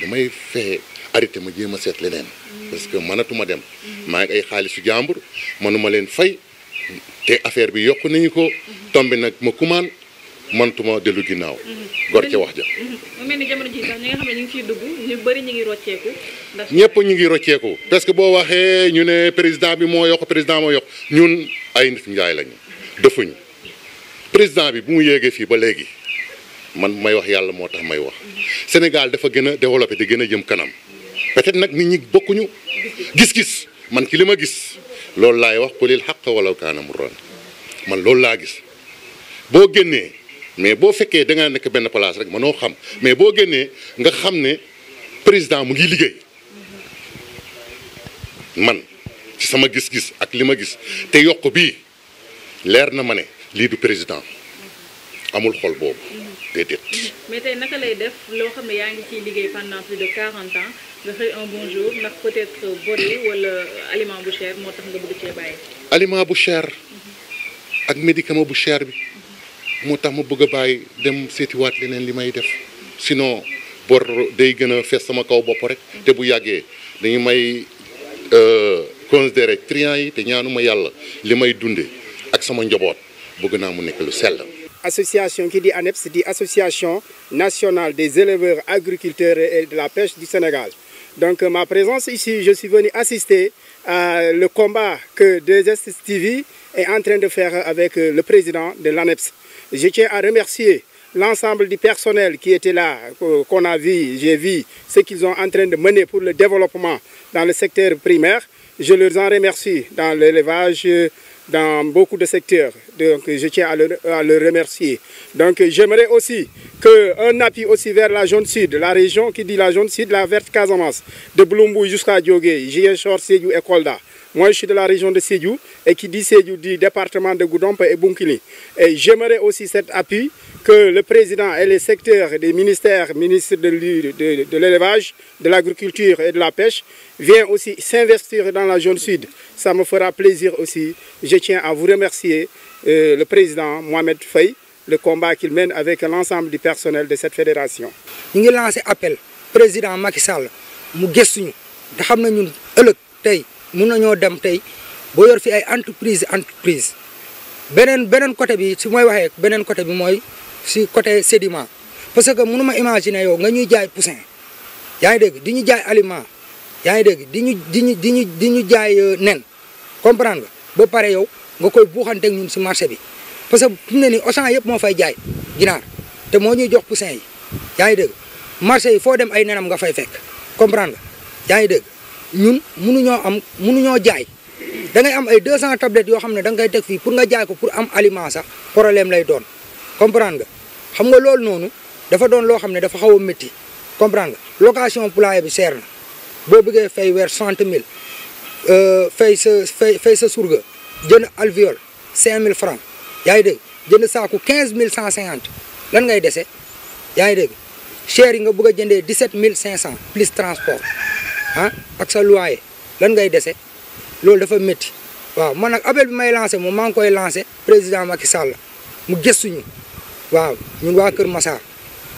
damay fexe arrêté ma jéem a seet leneen. Mhm. parce que mënatuma dem. maa ngi ay xaalisu jàmbur mënuma leen fay te affaire bi yokk nañu ko. tombe nag ma kumaan. mëntuma dellu ginnaaw. Mhm. gor ca wax ja. Mhm. ñu ngi rocceeku. ñëpp ñu ngi rocceeku parce que boo waxee ñu ne président bi moo yokk président moo yokk ñun ay nit njaay lañu. defuñu président bi bu mu yéegee fii ba léegi man may wax yàlla moo tax may wax mhm. Sénégal dafa gën a développé di gën a jëm kanam peut-être nag nit ñi bokkuñu gis-gis man ki li ma gis loolu laay wax ku lil xaq wala kaanam ron man loolu laa gis boo génnee. mais boo fekkee da nga nekk benn place rek manoo xam mais boo génnee nga xam ne président mu ngi liggéey man ci sama gis-gis ak li ma gis te yokk bi leer na ma ne lii du président amul xol boobu déedéet. mais tey naka lay def loo xam ne yaa ngi ciy liggéey pendant plus de 40 ans nga xëy un bon jour ndax peut-être bor aliment bu cher moo tax nga bëgg cee aliment bu cher ak médicament bu cher bi. moo tax ma bëgg a bàyyi dem seetiwaat leneen li may def sinon bor day gën a sama kaw bopp rek te bu yàggee dañu may euh, considéré clients yi te ma yàlla li may dunde ak sama njoboot bëgg naa mu nekk lu sell. association ki di ANEPS di association nationale des éleveurs agriculteurs et de la pêche du Sénégal donc ma présence ici je suis venu assister à le combat que 2STV est en train de faire avec le président de l'ANEPS Je tiens à remercier l'ensemble du personnel qui était là, qu'on a vu, j'ai vu, ce qu'ils sont en train de mener pour le développement dans le secteur primaire. Je leur en remercie dans l'élevage, dans beaucoup de secteurs. Donc je tiens à le, à le remercier. Donc j'aimerais aussi qu'un appui aussi vers la zone sud, la région qui dit la zone sud, la verte Casamance, de Bouloumbouy jusqu'à Diogué, Ziguinchor, Sédhiou et Kolda. Moi, je suis de la région de Sédhiou et qui dit Sédhiou dit département de Goudompe et Bunkini. Et j'aimerais aussi cet appui que le président et les secteurs des ministères, ministres de l'élevage, de l'agriculture et de la pêche, viennent aussi s'investir dans la zone sud Ça ma fera plaisir aussi. Je tiens à vous remercier, euh, le président Mohamed Faye, le combat qu'il mène avec l'ensemble du personnel de cette fédération. ñu ngi lancé appel président Macky Sall mu gëstuñu te xam na ñun ëllëg tey mun na ñoo dem tey boo yor fi ay entreprise entreprise beneen beneen côté bi su may waxee beneen côté bi mooy si côté sédiment parce que mënu ma imaginer yow nga ñuy jaay poussin yaa ngi dégg di ñu jaay aliment yaa ngi dégg di ñu di di ñu di ñu jaay euh, nen comprendre nga ba pare yow nga koy buuxanteeg ñun si marché bi parce que mu ne nii Auchan yëpp moo fay jaay ginaar te moo ñuy jox poussin yi yaa ngi dégg marché yi foo dem ay nenam nga fay fekk comprendre nga yaa ngi dégg ñun mënuñoo am mënuñoo jaay da am ay 200 tablettes yoo xam ne da kay koy teg fii pour nga jaay ko pour am aliment sax problème lay doon comprendre nga xam nga loolu noonu dafa doon loo xam ne dafa xaw a métti comprendre nga location poulailler bi seer na boo bëggee fay weer 60 Euh, fay sa fay fay sa surga jënd alvéole 5000 francs yaa ngi quinze jënd saaku cinquante lan ngay dese yaa ngi dégg cher yi nga bëgg a jëndee 17500 plus transport ah ak sa loyer lan ngay dese loolu dafa métti waaw man nag abel bi may lancé moom maa ngi koy lancé président Macky Sall mu gëstuñu waaw ñun waa Kër Massar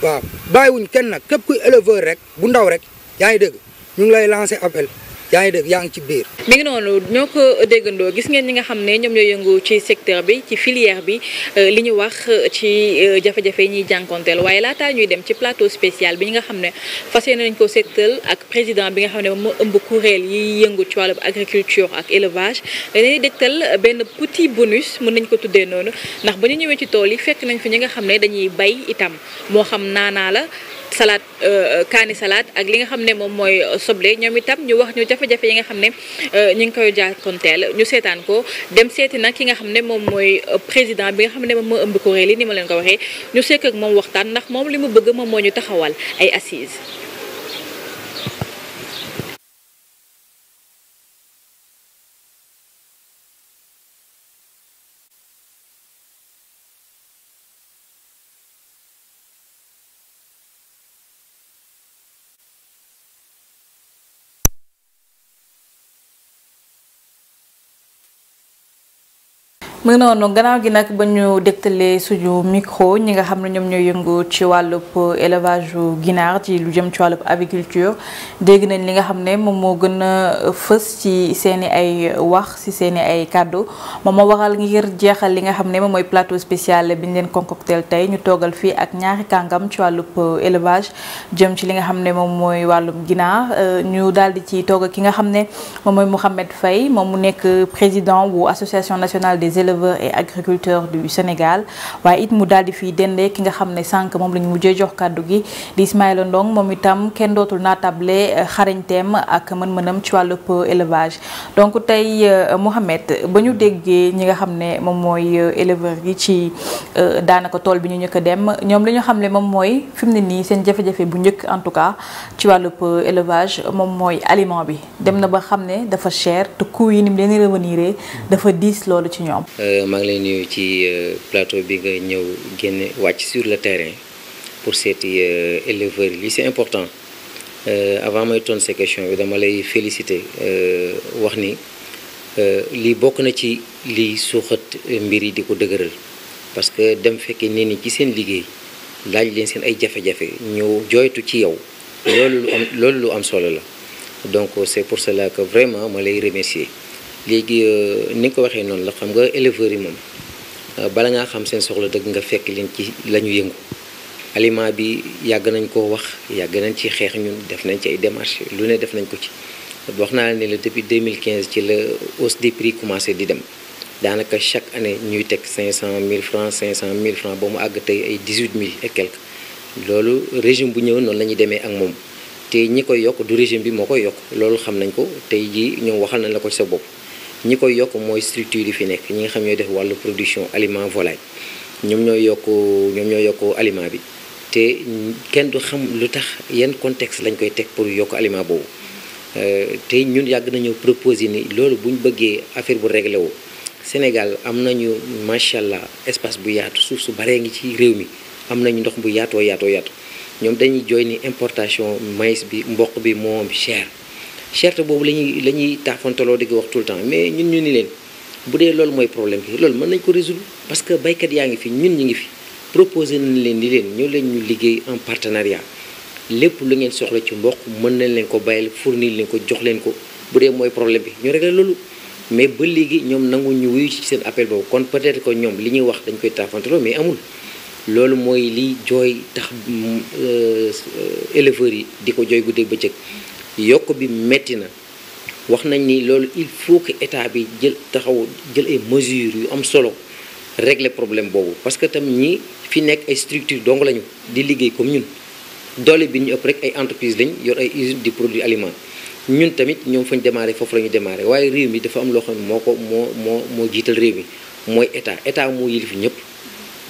waaw bàyyiwuñ kenn nag képp ku éleveur rek bu ndaw rek yaa ngi dégg ñu ngi lay lancé appel. yaa ngi dégg yaa ngi ci biir. mi ngi noonu ñoo ko déggandoo gis ngeen ñi nga xam ne ñoom ñoo yëngu ci secteur bi ci filière bi euh, li ñu wax euh, ci euh, jafe-jafe yi ñuy jànkonteel waaye laataa ñuy dem ci plateau spécial bi nga xam ne fas yéene nañ ko secteur ak président bi nga xam ne moom moo ëmb kuréel yi yëngu ci wàll wàllum agriculture ak élevage dañuy dégtal benn petit bonus mën nañ ko tuddee noonu ndax ba ñu ñëwee ci tool yi fekk nañ fi ñi nga xam ne dañuy bay itam moo xam naanaa la. salaat euh, kaani salaat ak li nga xam ne moom mooy euh, soble ñoom itam ñu wax ñu jafe-jafe yi nga xam ne euh, ñu ngi koy jànkonteel ñu seetaan ko dem seeti na ki nga xam ne moom mooy président bi nga xam ne moom moo ëmb ko yi ni ma leen ko waxee ñu sekk ak moom waxtaan ndax moom li mu bëgg moom moo ñu taxawal ay assises. mu noonu gannaaw gi nag ba ñu dégtalee suñu micro ñi nga xam ne ñoom ñooy yëngu ci wàllub élevage ginaar ci lu jëm ci wàllub aviculture dégg nañ li nga xam ne moom moo gën a fës ci seen i ay wax ci seen i ay kàddu moom moo waral ngir jeexal li nga xam ne moom mooy plateau spéciale bi ñu leen concoctel tey ñu toogal fii ak ñaari kàngam ci wàllub élevage jëm ci li nga xam ne moom mooy wàllub ginaar ñu daal di ci toog ki nga xam ne moom mooy Mouhamed Faye moom mu nekk président bu association nationale des éleveurs éleveurs et du Sénégal waaye it mu daal di fiy dende ki nga xam ne sànq moom la ñu mujjee jox kàddu gi di Ismaïla Ndong moom itam kenn dootul table euh, xarañteem ak mën-mënam ci wàllub euh, élevage donc tey euh, Mohamed ba ñu déggee ñi nga xam ne moom mooy éleveurs yi ci daanaka tool bi ñu njëkk a dem ñoom li ñu xam ne moom mooy fi mu ne nii seen jafe-jafe bu njëkk en tout cas ci wàllub élevage moom mooy aliment bi dem na ba xam ne dafa cher te coût yi ni mu leen dafa diis loolu ci ñoom Euh, maa ngi lay nuyu ci euh, plateau bi nga ñëw génne wàcc sur le terrain pour seeti euh, éleveurs yi c'est important avant may tontu sa question bi dama lay féliciter wax ni lii bokk na ci lii suuxat mbir yi di ko dëgëral parce que dem fekki nit ñi ci seen liggéey laaj leen seen ay jafe-jafe ñëw jooytu ci yow loolu lu am loolu lu am solo la donc c'est pour cela que vraiment ma lay remercier. léegi euh, ni nga ko waxee noonu la xam nga éleveurs yi moom euh, bala ngaa xam seen soxla dëgg nga fekk leen ci la ñu yëngu aliment bi yàgg nañ ko wax yàgg nañ ci xeex ñun def nañ ci ay démarches lu ne def nañ ko ci wax naa ne la depuis 2015 ci la hausse des prix commencé di dem daanaka chaque année ñuy teg cinq 500 000 francs cent mille francs ba mu àgg tey ay 18 000 et quelque loolu régime bu ñëw noonu la ñuy demee ak moom te ñi koy yokk du régime bi moo koy yokk loolu xam nañ ko tey jii ñoom waxal nañ la ko ci sa bopp ñi koy yokk mooy structure yi fi nekk ñi nga xam ñoo def wàllu production aliment volaille ñoom ñooy yokk ñoom ñooy yokk aliment bi te kenn du xam lu tax yan contexte lañ koy teg pour yokk aliment boobu euh, te ñun yàgg nañu proposer ni loolu buñ bëggee affaire bu réglé wu Sénégal am nañu macha allah espace bu yaatu suuf su baree ngi ci réew mi am nañu ndox bu yaatoo yaatoo yaatu ñoom dañuy jooy ni importation maïs bi mboq bi moom cher. charte boobu la ñuy la ñuy taafantaloo di ko wax tout temps mais ñun ñu ni leen bu dee loolu mooy problème bi loolu mën nañ ko résoudre parce que baykat yaa ngi fi ñun ñu ngi fi proposé leen ni leen ñoo leen ñu liggéey en partenariat lépp lu ngeen soxla ci mboq mën nañ leen ko bayal fournir leen ko jox leen ko mooy problème bi ñu réglé loolu mais ba léegi ñoom nangu ñu ci seen boobu kon peut-être que ñoom li ñuy wax dañ koy taafantaloo mais amul loolu mooy li jooy tax euh, éleveurs yi di ko jooy ba bëccëg yokk bi metti na wax nañ ni loolu il faut que état bi jël taxaw jël ay mesures yu am solo régler problème boobu parce que tam ñi fi nekk ay structure dong lañu di liggéey comme ñun doole bi ñu ëpp rek ay entreprise lañ yor ay usine di produit aliment ñun tamit ñoom fañ démarré foofu la ñu démarré waaye réew mi dafa am loo moo ko moo moo moo jiital réew mi mooy état état moo yilif ñëpp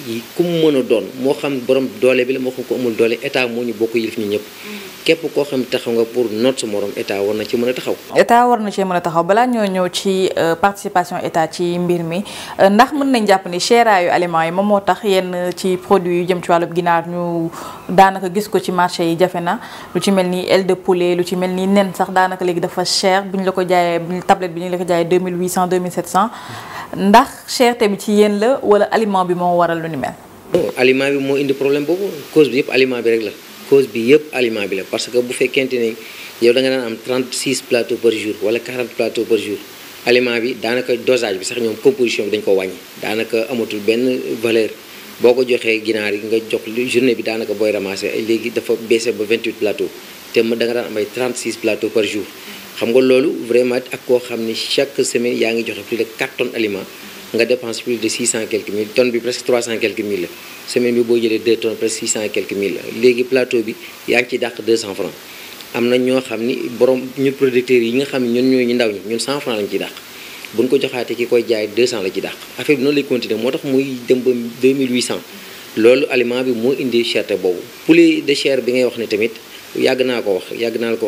yi ku mu mën a doon moo xam borom doole bi la moo xam ko amul doole état moo ñu bokk yilif ñu ñëpp mm. képp koo xam taxaw nga pour noot sa morom état war na ci mën a taxaw. état war na ci mën a taxaw balaa ñoo ñëw ci euh, participation état ci mbir mi euh, ndax mën nañ jàpp ni seeraayu aliment yi moom moo tax yenn ci produit yu jëm ci wàllub ginaar ñu daanaka gis ko ci marché yi jafe na lu ci mel ni aile de poulet lu ci mel ni nen sax daanaka léegi dafa cher bu ñu la ko jaayee tablette bi ñu mm. bi ci yéen la wala aliment bi moo lu ni mel. aliment bi moo indi problème boobu cause bi yëpp aliment bi rek la cause bi yëpp aliment bi la parce que bu fekkente ne yow da nga naan am 36 plateaux par jour wala 40 plateaux par jour aliment bi daanaka dosage bi sax ñoom composition bi dañ ko wàññi daanaka amatul benn valeur boo ko joxee ginaar yi nga jox journée bi daanaka booy ramassé léegi dafa baissé ba 28 plateaux te da nga daan am ay 36 plateaux par jour xa nga loolu vraiment ak koo xam ne chaque semaine yaa ngi joxe plus de 4 tonnes nga dépense plus de 600 quelques mille tonne bi presque 300 quelques mille la semaine bi boo jëlee 2 tonnes presque 600 quelques mille la léegi plateau bi yaa ngi ci dàq 200 francs am na ñoo xam ni borom ñun producteurs yi nga xam ne ñun ñoo ñu ndaw ñi ñun 100 francs lañ ci dàq buñ ko joxaate ki koy jaay 200 la ci dàq affaire bi noonu lay continuer moo tax muy dem ba 2800 loolu aliment bi moo indi cherté boobu poulet de chair bi ngay wax ne tamit yàgg naa ko wax yàgg naa la ko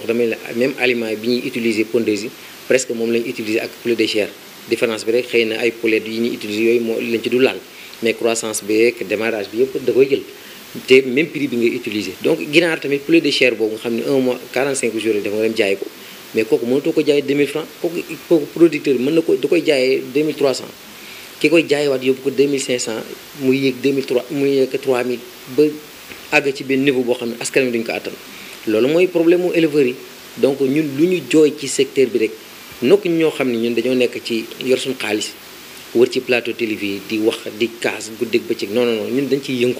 même aliment bi ñuy utiliser pondeuse yi presque moom la ñu utiliser ak poulet de différence bi rek xëy na ay poulet yi ñuy utiliser yooyu moo lañ ci du laal mais croissance bi ak démarrage bi yëpp da koy jël te même prix bi ngay utiliser donc ginaar tamit poulet de chair boobu nga xam ne un mois 45 jours def nga dem jaay ko mais kooku mënatoo ko jaayee 2000 francs kooku kooku producteur mën na ko da koy jaayee 2300 ki koy jaayewaat yóbbu ko 2500 muy yéeg 2003 muy yéeg 3000 ba àgg ci benn niveau boo xam ne askan wi duñu ko attan loolu mooy problème mu éleveurs yi donc ñun lu ñu jooy ci secteur bi rek nokk ñoo xam ne ñun dañoo nekk ci yor suñu xaalis wër ci plateau télévi di wax di kaas guddeeg bëccëg non non non ñun dañ ciy yëngu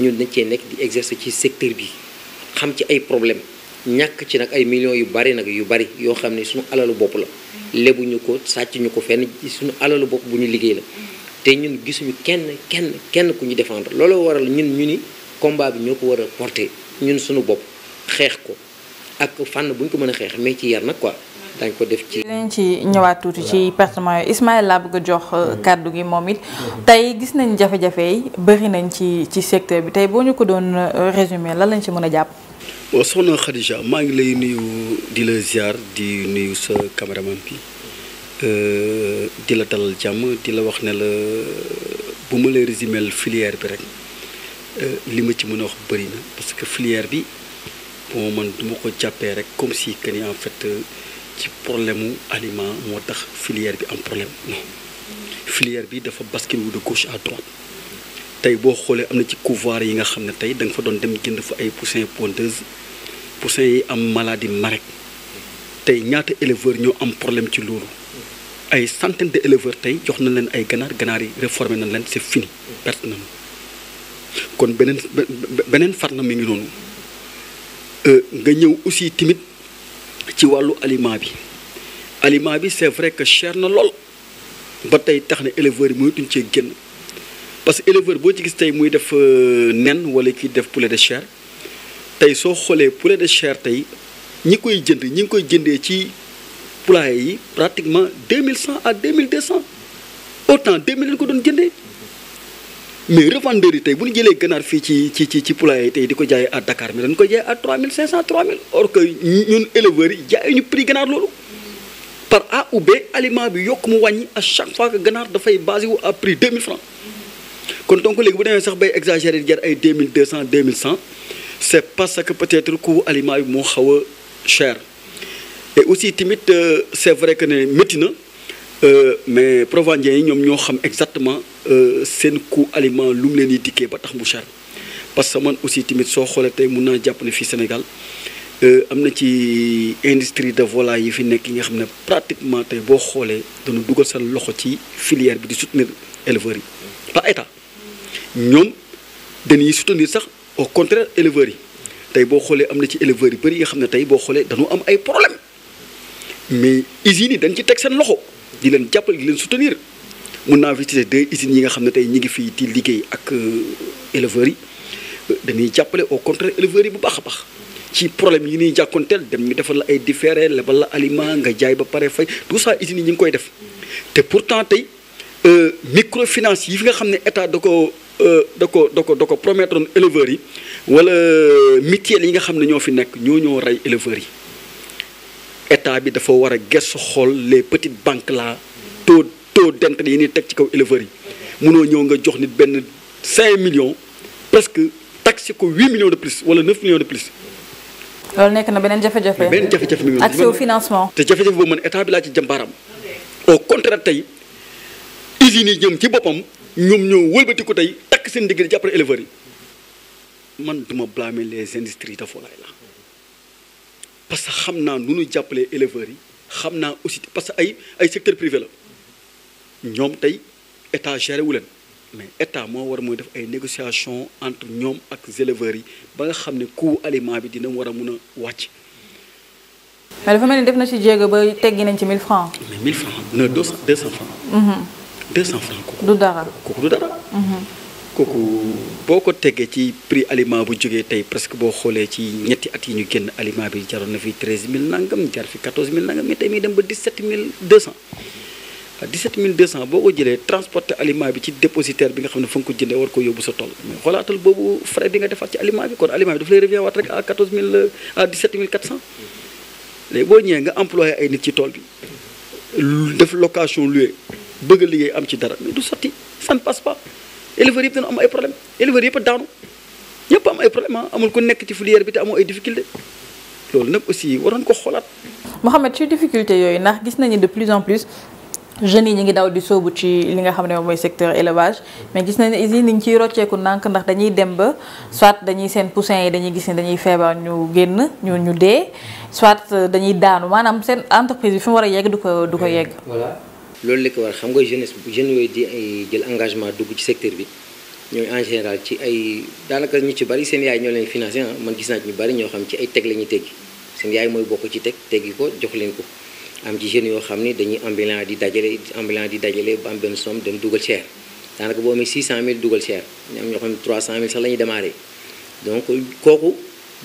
ñun dañ cee nekk di exercer ci secteur bi xam ci ay problème ñàkk ci nag ay millions yu bari nag yu bari yoo xam ne suñu alalu bopp la ñu ko sàcc ñu ko fenn suñu alalu bopp bu ñu liggéey la te ñun gisuñu kenn kenn kenn ku ñu défendre loolu waral ñun ñu ni combat bi ñoo ko war a porter ñun suñu bopp xeex ko ak fànn bu ko mën a xeex mais ci yar nag quoi dañ ko def ci. ci ñëwaat tuuti ci département yooyu Ismaël laa bëgg a jox euh, mm-hmm. kàddu gi moom it tey gis nañ jafe-jafe yi bëri nañ ci ci secteur bi tey boo ñu ko doon euh, résumé lan lañ ci mën a jàpp. waaw soxna Khadija maa ngi lay nuyu di la ziar di nuyu sa caméraman bi euh, di la dalal jàmm di la wax ne la bu ma lay résumé filière bi rek li ma ci mën a wax bëri na parce que filière bi bon man du ma ko jàppee rek comme si que ni en fait. ci problème mu aliment moo tax filière bi am problème filière bi dafa basculé de gauche à droite tey boo xoolee am na ci couvoir yi nga xam ne tey da fa doon dem jënd fa ay poussin pondeuse poussin yi am maladie marek tey ñaata éleveurs ñoo am problème ci loolu ay centaine de éleveurs tey jox nañ leen ay ganaar ganaar yi réformé nañ leen c'est fini perte nañu kon beneen far na mi ngi noonu euh, nga ñëw aussi timit ci wàllu aliment bi aliment bi c'est vrai que cher na lool ba tey tax na éleveurs yi mënatuñ cee génn parce que éleveur boo ci gis tey muy def euh, nen wala ki def poulet de chair tey soo xoolee poulet de chair tey ñi koy jënd ñi ngi koy jëndee ci poulailler yi pratiquement deux mille mille cent ak 2100 à 2200 autant 2000 lañ ko doon jëndee. mais revendeurs yi tey bu ñu jëlee ganaar fii ci ci ci ci tey di ko jaayee à Dakar mais dañu ko jaayee à 3500 3000 or que ñun éleveurs yi jaay ñu prix ganaar loolu par A ou aliment bi yokk mu wàññi à chaque fois que ganaar dafay basé wu à prix 2000 francs kon donc léegi bu demee sax bay exagéré di jar ay 2200 2100 c' est parce que peut être coût aliment bi moo xaw a cher et aussi tamit euh, est vrai que ne métti na Euh, mais provendiens yi ñoom ñoo xam exactement euh, seen ku aliment lu mu leen di dikkee ba tax mu cher parce que man aussi tamit soo xoolee tey mun naa jàpp ne fii Sénégal euh, am na ci industrie de volaille yi fi nekk yi nga xam ne pratiquement tey boo xoolee dana dugal seen loxo ci filière bi di soutenir éleveurs yi par état ñoom dañuy soutenir sax o contraire éleveurs yi tey boo xoolee am na ci éleveurs yu bëri nga xam ne tey boo xoolee dañu am ay problème mais usines yi dañ ci teg seen loxo di leen jàppale di leen soutenir mun naa fi citer deux usines yi nga xam ne tey ñu ngi fii di liggéey ak euh, éleveurs yi euh, dañuy jàppale au contraire éleveurs bu baax a baax ci problème yi jàkkoon jàkkoonteel dem ñu defal la ay différé lebal la aliment nga jaay ba pare fay tout ça usines yi ñu ngi koy def te pourtant tey euh, microfinance yi fi nga xam ne état da ko da ko da ko da ko promettre éleveurs yi wala mutuelle yi nga xam ne ñoo fi nekk ñoo ñoo rey éleveurs yi état bi dafa war a gëstu xool les petites banques là taux taux d'intérêt yi ñuy teg ci kaw éleveurs yi munoo ñëw nga jox nit benn 5 millions presque taxé ko 8 millions de plus wala 9 millions de plus. nekk na beneen jafe-jafe. beneen jafe-jafe financement. te jafe-jafe boobu man état bi laa ci jàmbaaram au contraire tey usines yi jëm ci boppam ñoom ñoo wëlbati ko tey takk seen digg di jàppale éleveurs yi man duma blâmer les industries de volaille la parce que xam naa nu ñu jàppale éleveurs yi xam naa aussi parce que ay ay secteur privé la ñoom tey état géré wu mais état moo war mooy def ay négociation entre ñoom ak éleveurs yi ba nga xam ne coût aliment bi dina war a mun a wàcc. mais dafa mel ni def na ci jéego ba teggi nañ ci 1000 francs. mais 1000 francs na 200 mhm. du dara kooku du dara. Mhm. kooku boo ko tegee ci prix aliment bu jógee tey presque boo xoolee ci ñetti at yi ñu génn aliment bi jaroon na fi 13000 nangam jar fi 14000 nangam boo ko jëlee transporter aliment bi ci dépositaire bi nga xam ne fa nga ko jëndee war ko yóbbu sa tool mais boobu frais bi nga defaat ci aliment bi kon aliment bi dafa lay revient waat rek à 14000 à 17400 léegi boo ñëwee nga employé ay nit ci tool bi def location loué éleveurs yëpp am ay problème éleveurs yëpp a daanu ñëpp am ay problème ah, amul ku nekk ci filière bi te amoo ay difficulté loolu nag aussi waroon ko xoolaat. Mouhamed ci difficulté yooyu ndax gis nañu de plus en plus. jeunes yi ñu ngi daw di soobu ci li nga xam ne moom mooy secteur élevage mais gis nañ ne usines yi ñu ciy rocceeku ndànk ndax dañuy dem ba soit dañuy seen poussin yi dañuy gis ne dañuy feebar ñu génn ñu ñu dee soit dañuy daanu maanaam seen entreprise bi fi mu war du ko du ko yegg. loolu la ko war xam nga jeunesse jeunes yooyu di ay jël engagement dugg ci secteur bi ñooy en général ci ay daanaka ñu ci bari seen yaay ñoo leen financé ah, man gis naa ñu bari ñoo xam ci ay teg la ñuy teggi seen yaay mooy bokk ci teg teggi ko jox leen ko am ci jeunes yoo xam ni dañuy ambulant di dajale ambulant di dajale ba am benn somme dem dugal cher daanaka boo amee 600000 dugal cher ñu am ñoo xam ne 300000 sax la ñuy donc kooku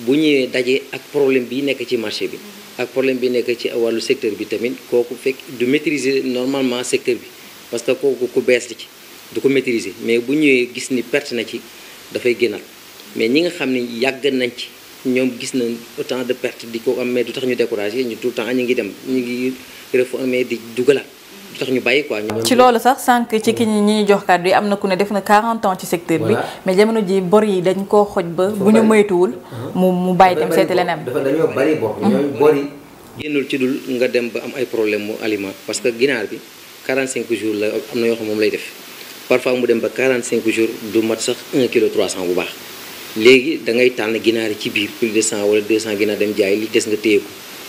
bu ñëwee dajee ak problème bi nekk ci marché bi ak problème bi nekk ci wàllu secteur bi tamit kooku fekk du maîtriser normalement secteur bi parce que kooku ku bees la ci du ko maîtriser mais bu ñëwee gis ni perte na ci dafay gënal mais ñi nga xam ne yàgg nañ ci ñoom gis nañ autant de perte di ko am mais du tax ñu découragé ñu tout le temps ñu ngi dem ñu ngi réformer di dugalaat. tax ñu bàyyi quoi. ci loolu sax sànq ci ki ñi ñuy jox kàddu yi am na ku ne def na 40 ans ci secteur bi. mais jamono ji bor yi dañ koo xoj ba. bu ñu moytuwul. mu mu bàyyi dem seeti leneen. dafa dañoo bari bor mhm. ñooñu bor yi. génnul ci dul nga dem ba am ay problème mu aliment parce que ginaar bi 45 jours la am na yoo xam moom lay def parfois mu dem ba 45 jours du mat sax 1 kilo 300 bu baax léegi da ngay tànn ginaar yi ci biir plus de 100 wala 200 ginaar dem jaay li des nga téye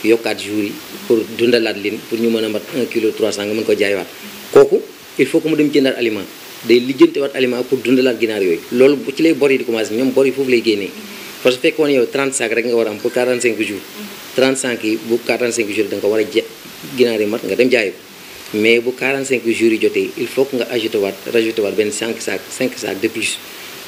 yokkaat jours yi pour dundalaat leen pour ñu mën a mat 1 kilo 300 nga mën ko jaaywaat kooku il faut que mu dem jëndaat aliment day lijjantewaat aliment pour dundalaat ginaar yooyu loolu ci lay bor yi di commencé ñoom bor yi foofu lay génnee parce que fekkoon yow 30 sacs rek nga war a am pour 45 jours 30 sacs yi bu 45 jours da ko war a ja ginaar yi mat nga dem jaayu mais bu 45 jours yi jotee il faut que nga ajouté waat rajouté waat benn 5 sacs 5 sacs de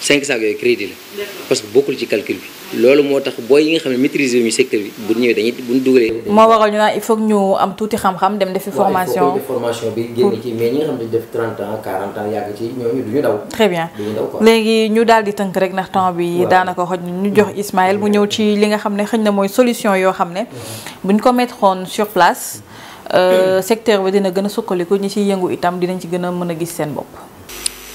cinq sacs yooyu crédit la parce que bokkul ci calcul bi loolu moo tax booy yi nga xam ne maîtriser wuñu secteur bi bu ñëwee dañuy bu ñu dugalee moo waral ñu naan il ñu am tuuti xam-xam dem defi formation def formation bi génn ci def 30 ans 40 ans yàgg très bien léegi ñu daal di tënk rek ndax temps bi daanaka xoj ñu jox Ismaël mu ñëw ci li nga xam ne xëñ na mooy solution yoo xam ne mhm. buñ ko mettroon sur place mhm. euh, secteur bi dina gën a sukkaliku ñi ciy yëngu itam dinañ ci gën a mën a gis seen bopp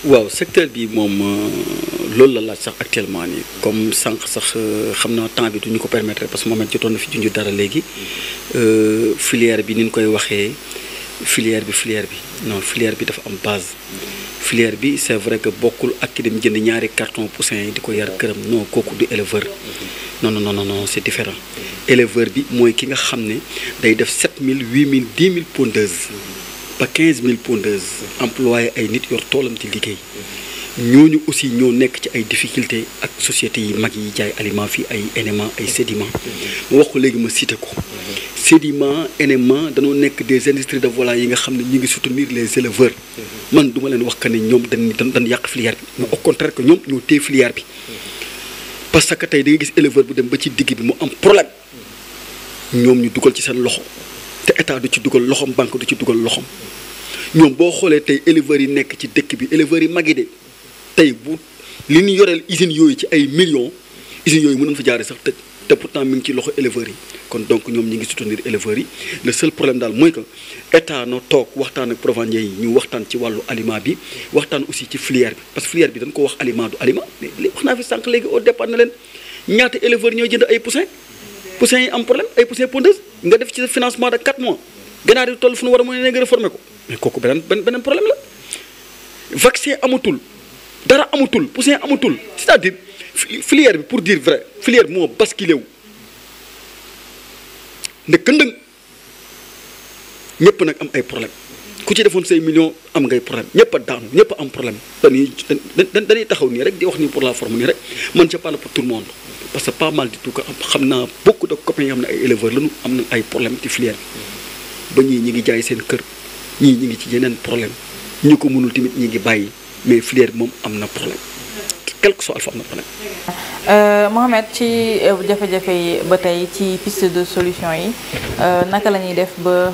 waaw secteur bi moom euh, loolu la laaj sax actuellement nii comme sànq sax euh, xam naa temps bi duñu ko permettre parce que moom jotoon na fi junj dara léegi euh, filière bi ni ñu koy waxee filière bi filière bi non filière bi dafa am base. filière bi c'est vrai que bokkul ak ki dem jënd ñaari carton poussin yi di ko yar këram non kooku du éleveur. non non non non c'est différent. éleveur bi mooy ki nga xam ne day def 7000 8000 10000 pondeuses. ba 15000 pondeuses employé ay nit yor toolam di liggéey ñooñu aussi ñoo nekk ci ay difficulté ak société yi mag yi jaay aliment fii ay NMA ay sédiment ma wax ko léegi ma cité ko sédiment NMA dañoo nekk des industries de volaille yi nga xam ne ñu ngi soutenir les éleveurs man duma leen wax que ne ñoom dañ dañ yàq filière bi mais au contraire que ñoom ñoo téye filière bi parce que tey da gis éleveur bu dem ba ci digg bi mu am problème ñoom ñu dugal ci seen loxo te état du ci dugal loxom banque du ci dugal loxom ñoom boo xoolee tey éleveurs yi nekk ci dëkk bi éleveurs yi magi de tey bu li ñu yoreel usines yooyu ci ay millions usines yooyu mën nañ fa jaare sax tëj te pourtant mi ngi ci loxo éleveurs yi kon donc ñoom ñu ngi soutenir éleveurs yi le seul problème daal mooy que état na toog waxtaan ak provençaux yi ñu waxtaan ci wàllu aliment bi waxtaan aussi ci filière bi parce que filière bi dañ ko wax aliment du aliment wax naa sànq léegi au départ na leen ñaata éleveurs ñooy jënd ay poussin poussin yi am problème ay poussin pondeuse nga def ci sa financement de 4 mois ganaar yi toll fu nu war a mën a nga ko mais kooku beneen beneen problème la vaccin amatul dara amatul poussin amatul c'est-à-dire filière bi pour dire vrai filière bi moo basculé wu ne këndëng ñëpp nag am ay problème ku ci defoon say millions am ngay problème ñëpp a daanu ñëpp am problème dañuy taxaw nii rek di wax nii pour la forme nii rek man ca parle pour tout le parce que pas mal du tout que xam naa beaucoup de copains yoo xam ne ay éleveurs lañu am na ay problème ci filière ba ñii ñi ngi jaay seen kër ñii ñi ngi ci yeneen problème ñu ko mënul tamit ñi ngi bàyyi mais filière moom am na problème quel que soit alpha am na problème. Euh, Mohamed ci euh, jafe-jafe yi ba tey ci piste de solution yi euh, naka la ñuy def ba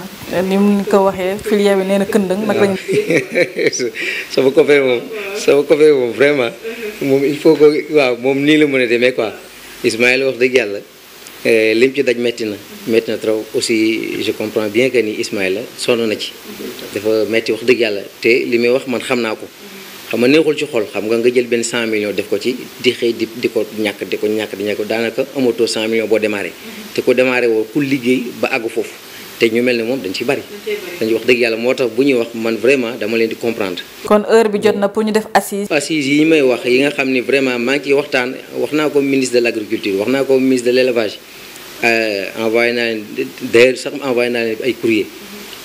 ni mu ko waxee filière bi nee na këndëng naka la ñuy. Ah. sama copain moom sama copain moom vraiment moom il faut que waaw moom nii la mën a quoi. Ismaël wax dëgg yàlla eh, lim ci daj métti na métti na trop aussi je comprends bien que nii Ismaël la sonn na ci dafa métti wax dëgg yàlla te li may wax man xam naa ko xam nga neexul ci xol xam nga nga jël benn 100 millions def ko ci di xëy di di ko ñàkk di ko ñàkk di ñàkk daanaka amatoo 100 millions boo démarré te ko démarré ku liggéey ba àggu foofu te ñu mel ne moom dañ ci bari dañuy wax dëgg yàlla moo tax bu ñuy wax man vraiment dama leen di comprendre kon heure bi jot na pour ñu def assise assise yi ñu may wax yi nga xam ni vraiment maa ngi ciy waxtaan wax naa ko ministre de l' agriculture wax naa ko ministre de l' élevage euh, envoyé naa leen envoyé naa leen ay courrier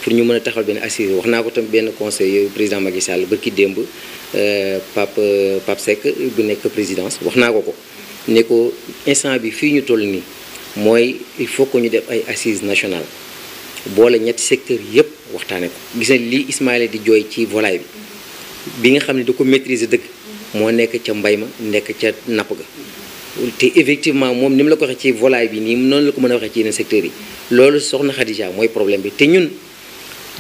pour ñu mën a taxawal benn assise wax naa ko tam benn conseil yooyu président Macky Sall bërki démb euh, pap euh, Pape Seck bu nekk présidence wax naa ko ko ne ko instant bi fii ñu toll nii mooy il faut que ñu def ay assises nationales boole ñetti secteur yëpp waxtaane ko gis na lii Ismaïla di jooy ci volaille bi bi nga xam ne du ko maîtriser dëgg moo nekk ca mbay ma nekk ca napp ga te effectivement moom ni mu la ko waxee ci volaille bi nii noonu la ko mën a waxee ci yeneen secteurs yi loolu soxna Khadija mooy problème bi te ñun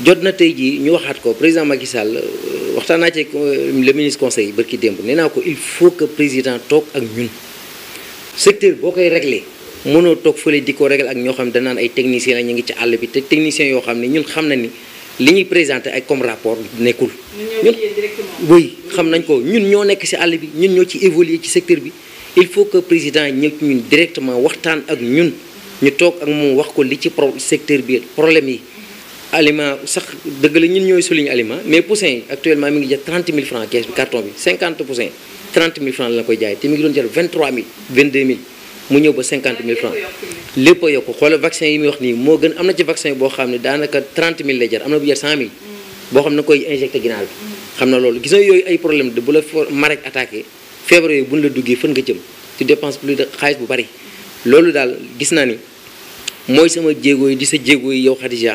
jot na tey jii ñu waxaat ko président Macky Sall euh, waxtaan naa ci euh, le ministre conseil bërki démb nee naa ko il faut que président toog ak ñun secteur boo koy réglé mënoo toog fële di ko régal ak ñoo xam ne danaan ay techniciens la ñu ngi ci àll bi te techniciens yoo xam ne ñun xam na ni li ñuy présenté ay comme rapport nekkul. ñun oui xam nañ ko ñun ñoo nekk si àll bi ñun ñoo ci évoluer ci secteur bi il faut que président ñëw ñu directement waxtaan ak ñun. ñu toog ak moom wax ko li ci pro secteur bi problème yi. aliment sax dëgg la ñooy souligne aliment mais poussin yi actuellement mi ngi jar 30 000 francs kees bi carton bi 50 poussin 30 000 francs la koy jaay te mi mu ñëw ba cinquante mille francs lépp a yokk xoolal vaccin yi muy wax nii moo gën am na ci vaccin boo xam ne daanaka trente mille lay jar am na bu jar cent mille boo xam ne koy injecté ginaar bi xam na loolu gis nga yooyu ay problème de bu la marek attaqué feebar yooyu bu ñu la duggee fan nga jëm tu dépenses plus de xaalis bu bari loolu daal gis naa ni mooy sama jéego yi di sa jéego yi yow Khadija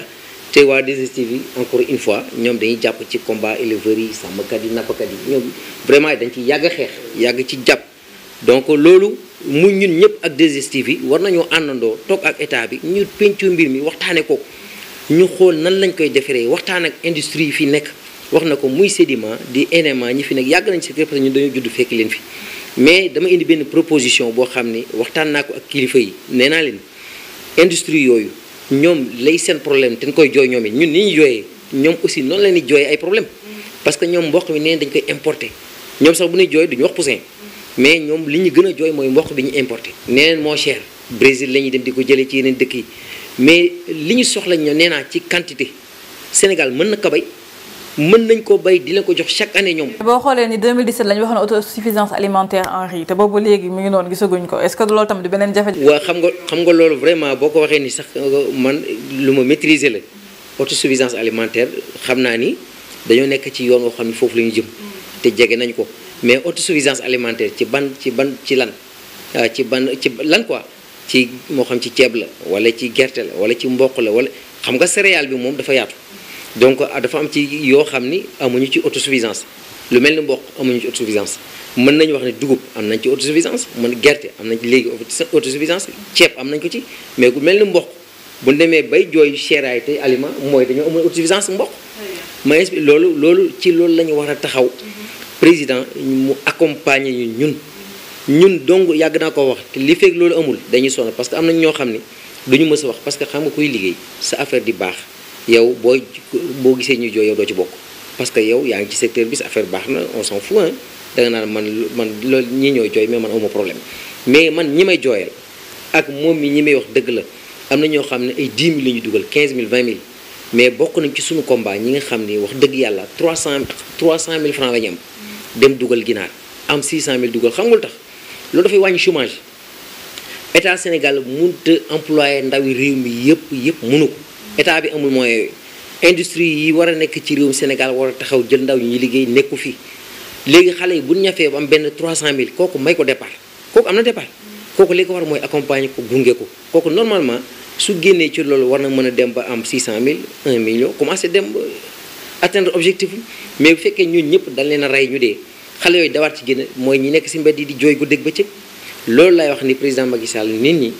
te waa 2STV encore une fois ñoom dañuy jàpp ci combat éleveurs yi sàmmkat yi nappkat yi ñoom vraiment dañ ci yàgg xeex yàgg ci jàpp mu ñun ñëpp ak 2STV yi war nañoo àndandoo toog ak état bi ñu pencu mbir mi waxtaane ko ñu xool nan lañ koy defaree waxtaan ak industrie yi fi nekk wax na ko muy sédiment di NMA fi nekk yàgg nañ si parce que ñun dañoo judd fekk leen mais dama indi benn proposition boo xam ni waxtaan naa ko ak kilifa yi nee naa leen industrie yooyu ñoom lay seen problème te ñu koy jooy ñoom it ñun ni ñu jooyee ñoom aussi noonu la ñuy jooyee ay problème parce que ñoom mboq mi neen dañ koy importer ñoom sax bu ñuy jooy duñu wax poussin mais ñoom li ñu gën a jooy mooy mboq bi ñu importé neeneen moo cher Brésil la ñuy dem di ko jëlee ci yeneen dëkk yi mais li ñu soxla ñoo nee naa ci quantité Sénégal mën na ko bay mën nañ ko bay di leen ko jox chaque année ñoom. boo xoolee ni 2017 la ñu waxoon autosuffisance alimentaire en riz te boobu léegi mu ngi noonu gisaguñ ko est-ce que loolu tamit du beneen jafe. waaw xam nga xam nga loolu vraiment boo ko waxee ni sax euh, man lu ma maîtriser la autosuffisance alimentaire xam naa ni dañoo nekk ci yoon woo xam ne foofu la ñu jëm te jege nañ ko. mais autosuffisance alimentaire ci ban ci ban ci lan ah, ci ban ci lan quoi ci moo xam ci ceeb la wala ci gerte la wala ci mboq la wala xam nga céréale bi moom dafa yaatu donc ah, dafa am ci yoo xam ni amuñu ci autosuffisance lu mel ni mboq amuñu ci autosuffisance mën nañu wax ne dugub am nañ ci autosuffisance mën gerte am nañ ci léegi autosuffisance ceeb am nañ ko ci mais bu mel ni mboq bu demee bay jooy seeraay te aliment mooy dañoo amul autosuffisance mboq mais loolu loolu ci loolu la war a taxaw mm-hmm. président mu accompagner ñu ñun ñun dong yàgg naa ko wax te li fekk loolu amul dañuy sonn parce que am na ñoo xam ne duñu mës a wax parce que xam nga kuy liggéey sa affaire di baax yow booy boo gisee ñu jooy yow doo ci bokk parce que yow yaa ngi ci secteur bi sa affaire baax na on s'en fout hein da nga naan man man ñi ñoo jooy mais man awma problème mais man ñi may jooyal ak moom mi ñi may wax dëgg la am na ñoo xam ne ay 10 000 la dugal 15 000 20 000 mais bokk nañ ci suñu combat ñi nga xam ne wax dëgg yàlla 300 300000 francs la ñu am dem dugal ginaar am 600000 dugal xam nga lu tax loolu dafay wàññi chômage état Sénégal mënut a employé yi réew mi yëpp yëpp mënu ko état bi amul moyen yooyu industrie yi war a nekk ci réewum Sénégal war a taxaw jël ndaw ñi liggéey nekku fii léegi xale yi bu ñu ñafee am benn 300000 kooku may ko départ kooku am na départ kooku li war mooy accompagner ko gunge ko kooku normalement su génnee ci loolu war na mën a dem ba am 600000 1 million commencé dem. atteindre objectif mais bu fekkee ñun ñëpp dañ leen rey ñu dee xale yooyu dawaat ci génn mooy ñi nekk si mbedd yi di jooy gu dégg bëccëg loolu lay wax ni président Macky Sall nit ñi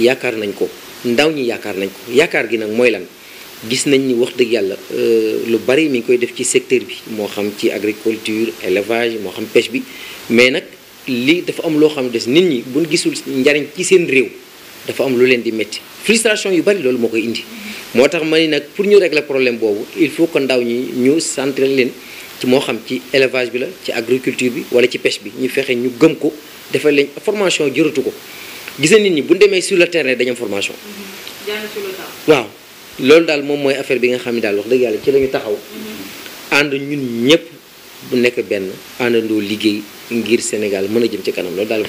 yaakaar nañ ko ndaw ñi yaakaar nañ ko yaakaar gi nag mooy lan gis nañ ni wax dëgg yàlla euh, lu bari mi ngi koy def ci secteur bi moo xam ci agriculture élevage moo xam pêche bi mais nag lii dafa am loo xam des nit ñi buñ gisul njariñ ci seen réew dafa am lu leen di métti frustration yu bari loolu moo koy indi moo tax ma ni nag pour ñu régler problème boobu il faut que ndaw ñi ñu centré leen ci moo xam ci élevage bi la ci agriculture bi wala ci pêche bi ñu fexe ñu gëm ko defal leen formation jëratu ko gis nit ñi bu ñu demee sur le terrain dañu formation. Mm-hmm. waaw loolu daal moom mooy affaire bi nga xam ne daal wax dëgg yàlla ci la taxaw. Mm-hmm. ànd ñun ñëpp bu nekk benn àndandoo liggéey. ngir Sénégal mën a jëm ci kanam loolu daal.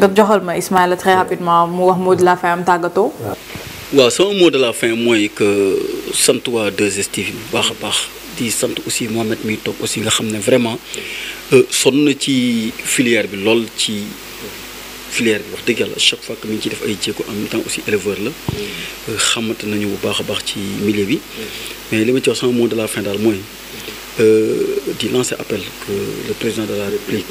nga joxal ma Ismaïla très rapidement mu wax moo de la tàggatoo. waaw sama mot de la fin mooy que sant waa 2STV bu baax a baax di sant aussi Mohamed mi toog aussi nga xam ne vraiment euh, sonn na ci filière bi lool ci filière bi wax dëgg chaque fois que mi ngi ci def ay jéego en même temps aussi éleveur la euh, xamante nañu bu baax a baax ci milieu bi mais li ma ci wax sama mot de la fin daal mooy euh, di lancer appel que le président de la République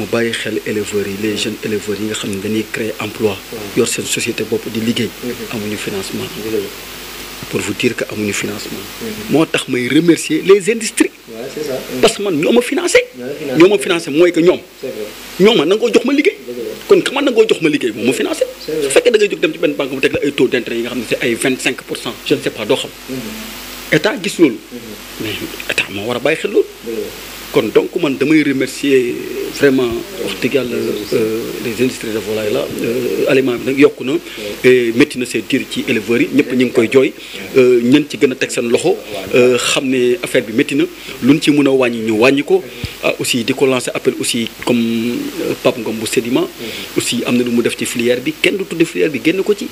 mu bàyyi xel éleveurs yi les jeunes éleveurs yi nga xam ne dañuy créer emploi yor seen société bopp di liggéey amuñu financement pour vous dire que amuñu financement moo tax may remercier les industries parce que man ñoo ma financé ñoo ma mooy que ñoom ñoom ma nangoo jox ma liggéey kon ka man nangoo jox ma liggéey moom ma financé su fekkee da ngay dem ci benn banque mu teg la ay taux d'intérêt yi nga xam ne c'est ay vingt cinq pour cent je ne doo xam mm-hmm. état gis loolu mm-hmm. mais moo war a kon donc man damay remercier vraiment wax dëgg yàlla euh, les industries de volaille la euh, aliment bi nag yokk na metti na seen tiir ci éleveurs yi ñëpp ñu ngi koy jooy euh, ñen ci gën a teg seen loxo xam ne affaire bi métti na luñ ci mën a wàññi ñu wàññi ko ah aussi di ko lancer aussi comme Pape Ngom bu Sédima aussi am na lu mu def ci filière bi kenn du tudde filière bi génn ko ci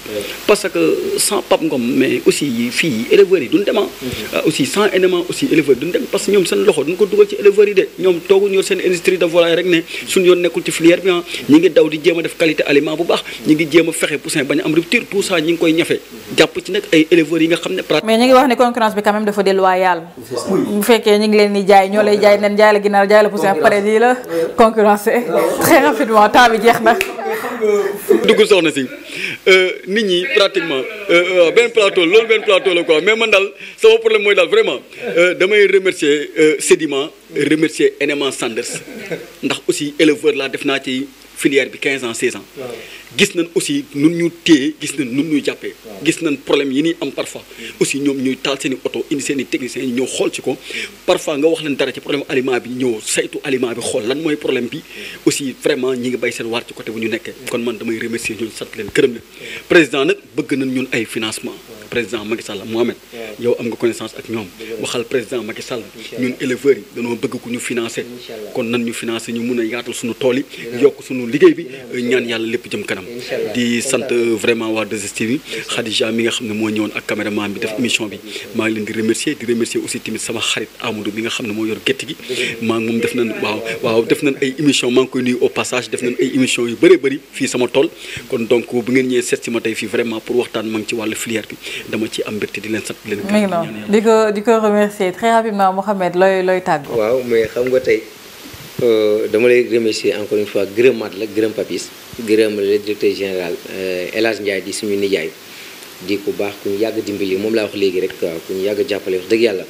parce que sans Pape Ngom mais aussi fii éleveurs yi duñ dema ah, aussi sans NMA aussi éleveurs yi duñ dem parce que ñoom seen loxo duñ ko dugal ci éleveurs bëri ñoom toogu ñor seen industrie de volaille rek ne suñu yoon nekkul ci filière bi ah. ñi ngi daw di jéem a def qualité aliment bu baax ñi ngi jéem a fexe poussin bañ am rupture tout ça ñi ngi koy ñafe jàpp ci nag ay éleveurs yi nga xam ne mais ñu ngi wax ne concurrence bi quand même dafa déloyale bu fekkee ñu ngi leen jaay ñoo lay jaay la ginaar jaay la poussin pare di la concurrence très rapidement temps jeex na dugg soxna si euh, nit ñi pratiquement euh, euh, remercier énormément Sanders ndax aussi éleveur laa def naa ci filière bi quinze ans 16 ans gis nañ aussi nun ñu téye gis nañ nun ñuy jàppee gis nañ problème yi ñuy am parfois mm-hmm. aussi ñoom ñuy taal seen i oto indi seen i techniciens yi ñëw xool ci ko parfois nga wax leen dara ci problème aliment bi ñëw saytu aliment bi xool lan mooy problème bi mm-hmm. aussi vraiment ñi ngi bay seen waar ci côté bu ñu nekkee kon man damay remercier ñun sant leen gërëm leen mm-hmm. président nag bëgg nañ ñun ay financement président Macky Sall Mohamed yow am nga connaissance ak ñoom waxal président Macky Sall ñun yi dañoo bëgg ku ñu financé kon nan ñu financé ñu mun a yaatal suñu tool yi yokk suñu liggéey bi kanam di sant euh, vraiment waa 2STV bi Khadija mi nga xam ne moo ñëwoon ak caméraman bi def émission bi maa ngi leen di remercier di remercier aussi tamit sama xarit Amadou mi nga xam ne moo yor gétt gi maa ngi moom def nañ waaw def nañ ay émission maa ngi koy nuyu au passage def nañ ay émission yu bëree bëri fii sama tool kon donc bu ngeen ñëwee seet si ma tey fii vraiment pour waxtaan ma ngi ci wàllu filière bi dama ci am mbégte di leen sant di leen di ko di ko remercier très rapidement di rembale directeur général euh, El Hadj Ndiaye di suñu nijaay di ku baax ku ñu yàgg dimbali moom laa wax léegi rek waaw ku ñu yàgg jàppale wax dëgg yàlla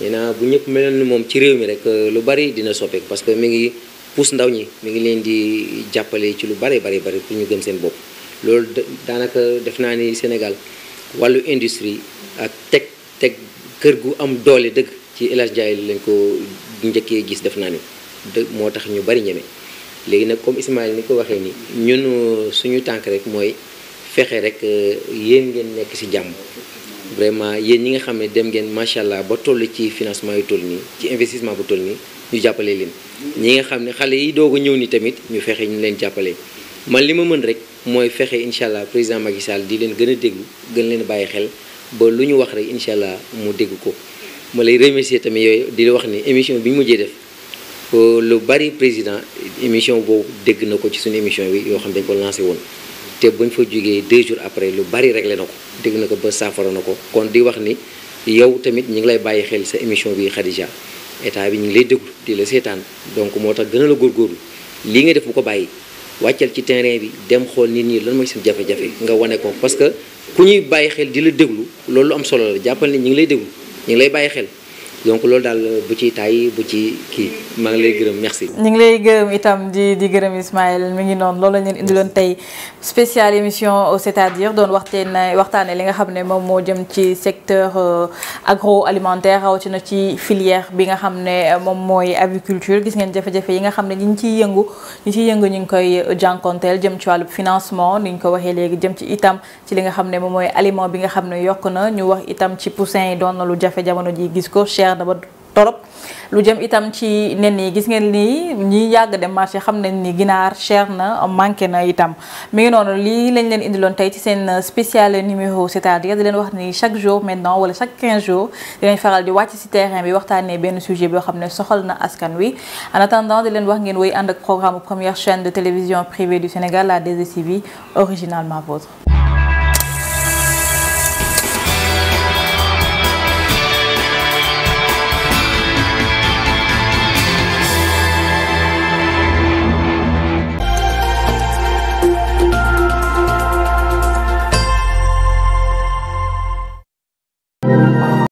nee naa bu ñëpp meloon ni moom ci réew mi rek euh, lu bari dina soppeeku parce que mi ngi puus ndaw ñi mi ngi leen di jàppale ci lu bari bari bari pour ñu gëm seen bopp loolu daanaka def naa ni Sénégal wàllu industrie ak teg teg kër gu am doole dëgg ci El Hadj lañ ko njëkkee gis def naa ni dëgg moo tax ñu bari ñeme léegi nag comme Ismaïla ni ko waxee nii ñun suñu tànk rek mooy fexe rek euh, yéen ngeen nekk ci jàmm vraiment yéen ñi nga xam ne dem ngeen macha allah ba toll ci financement yu toll nii ci investissement bu toll nii ñu jàppalee leen ñi nga xam ne xale yi doog a ñëw nii tamit ñu fexe ñu leen jàppale man li ma mën rek mooy fexe incha allah président Macky Sall di leen gën a déglu gën leen bàyyi xel ba lu ñu wax rek incha allah mu dégg ko ma lay remercier tamit yooyu di la wax ni émission bi ñu mujjee def lu bari président émission boobu dégg na ko ci suñu émission bi yoo xam dañ ko lancé woon te buñ fa jógee deux jours après lu bari réglé na ko dégg na ko ba saafara na ko kon di wax ni yow tamit ñu ngi lay bàyyi xel sa émission bi Khadija état bi ñu ngi lay déglu di la seetaan donc moo tax gën góor la góorgóorlu lii nga def bu ko bàyyi wàccal ci terrain bi dem xool nit ñi lan mooy seen jafe-jafe nga wane ko parce que ku ñuy bàyyi xel di la déglu loolu am solo la jàppal ni donc loolu daal bu ci tay bu ci kii maa gërëm merci. ñu ngi lay gërëm itam di di gërëm Ismaël mi ngi noonu loolu la ñu indiloon tey spéciale émission c'est-à-dire doon waxtaanee waxtaanee li nga xam ne moom moo jëm ci secteur euh, agroalimentaire rawatina ci filière bi nga xam ne euh, moom mooy aviculture gis ngeen jafe-jafe yi nga xam ne ñu ngi ciy yëngu ñu ciy yëngu ñu ngi koy euh, jànkonteel jëm ci wàllu financement ni ñu ko waxee léegi jëm ci itam ci li nga xam ne moom mooy aliment bi nga xam ne yokk na ñu wax itam ci poussin yi doon na lu jafe jamono ji gis ko neex na ba torop lu jëm itam ci nen yi gis ngeen nii ñi yàgg dem marché xam nañ ni ginaar chair na manqué na itam mi ngi noonu lii lañ leen indiloon tey ci seen spécial numéro c'est-à-dire di leen wax ni chaque jour maintenant wala chaque 15 jours dinañ faral di wàcc ci terrain bi waxtaanee benn sujet boo xam ne soxal na askan wi en attendant di leen wax ngeen woy ànd ak programme première chaîne de télévision privée du Sénégal la 2STV originalement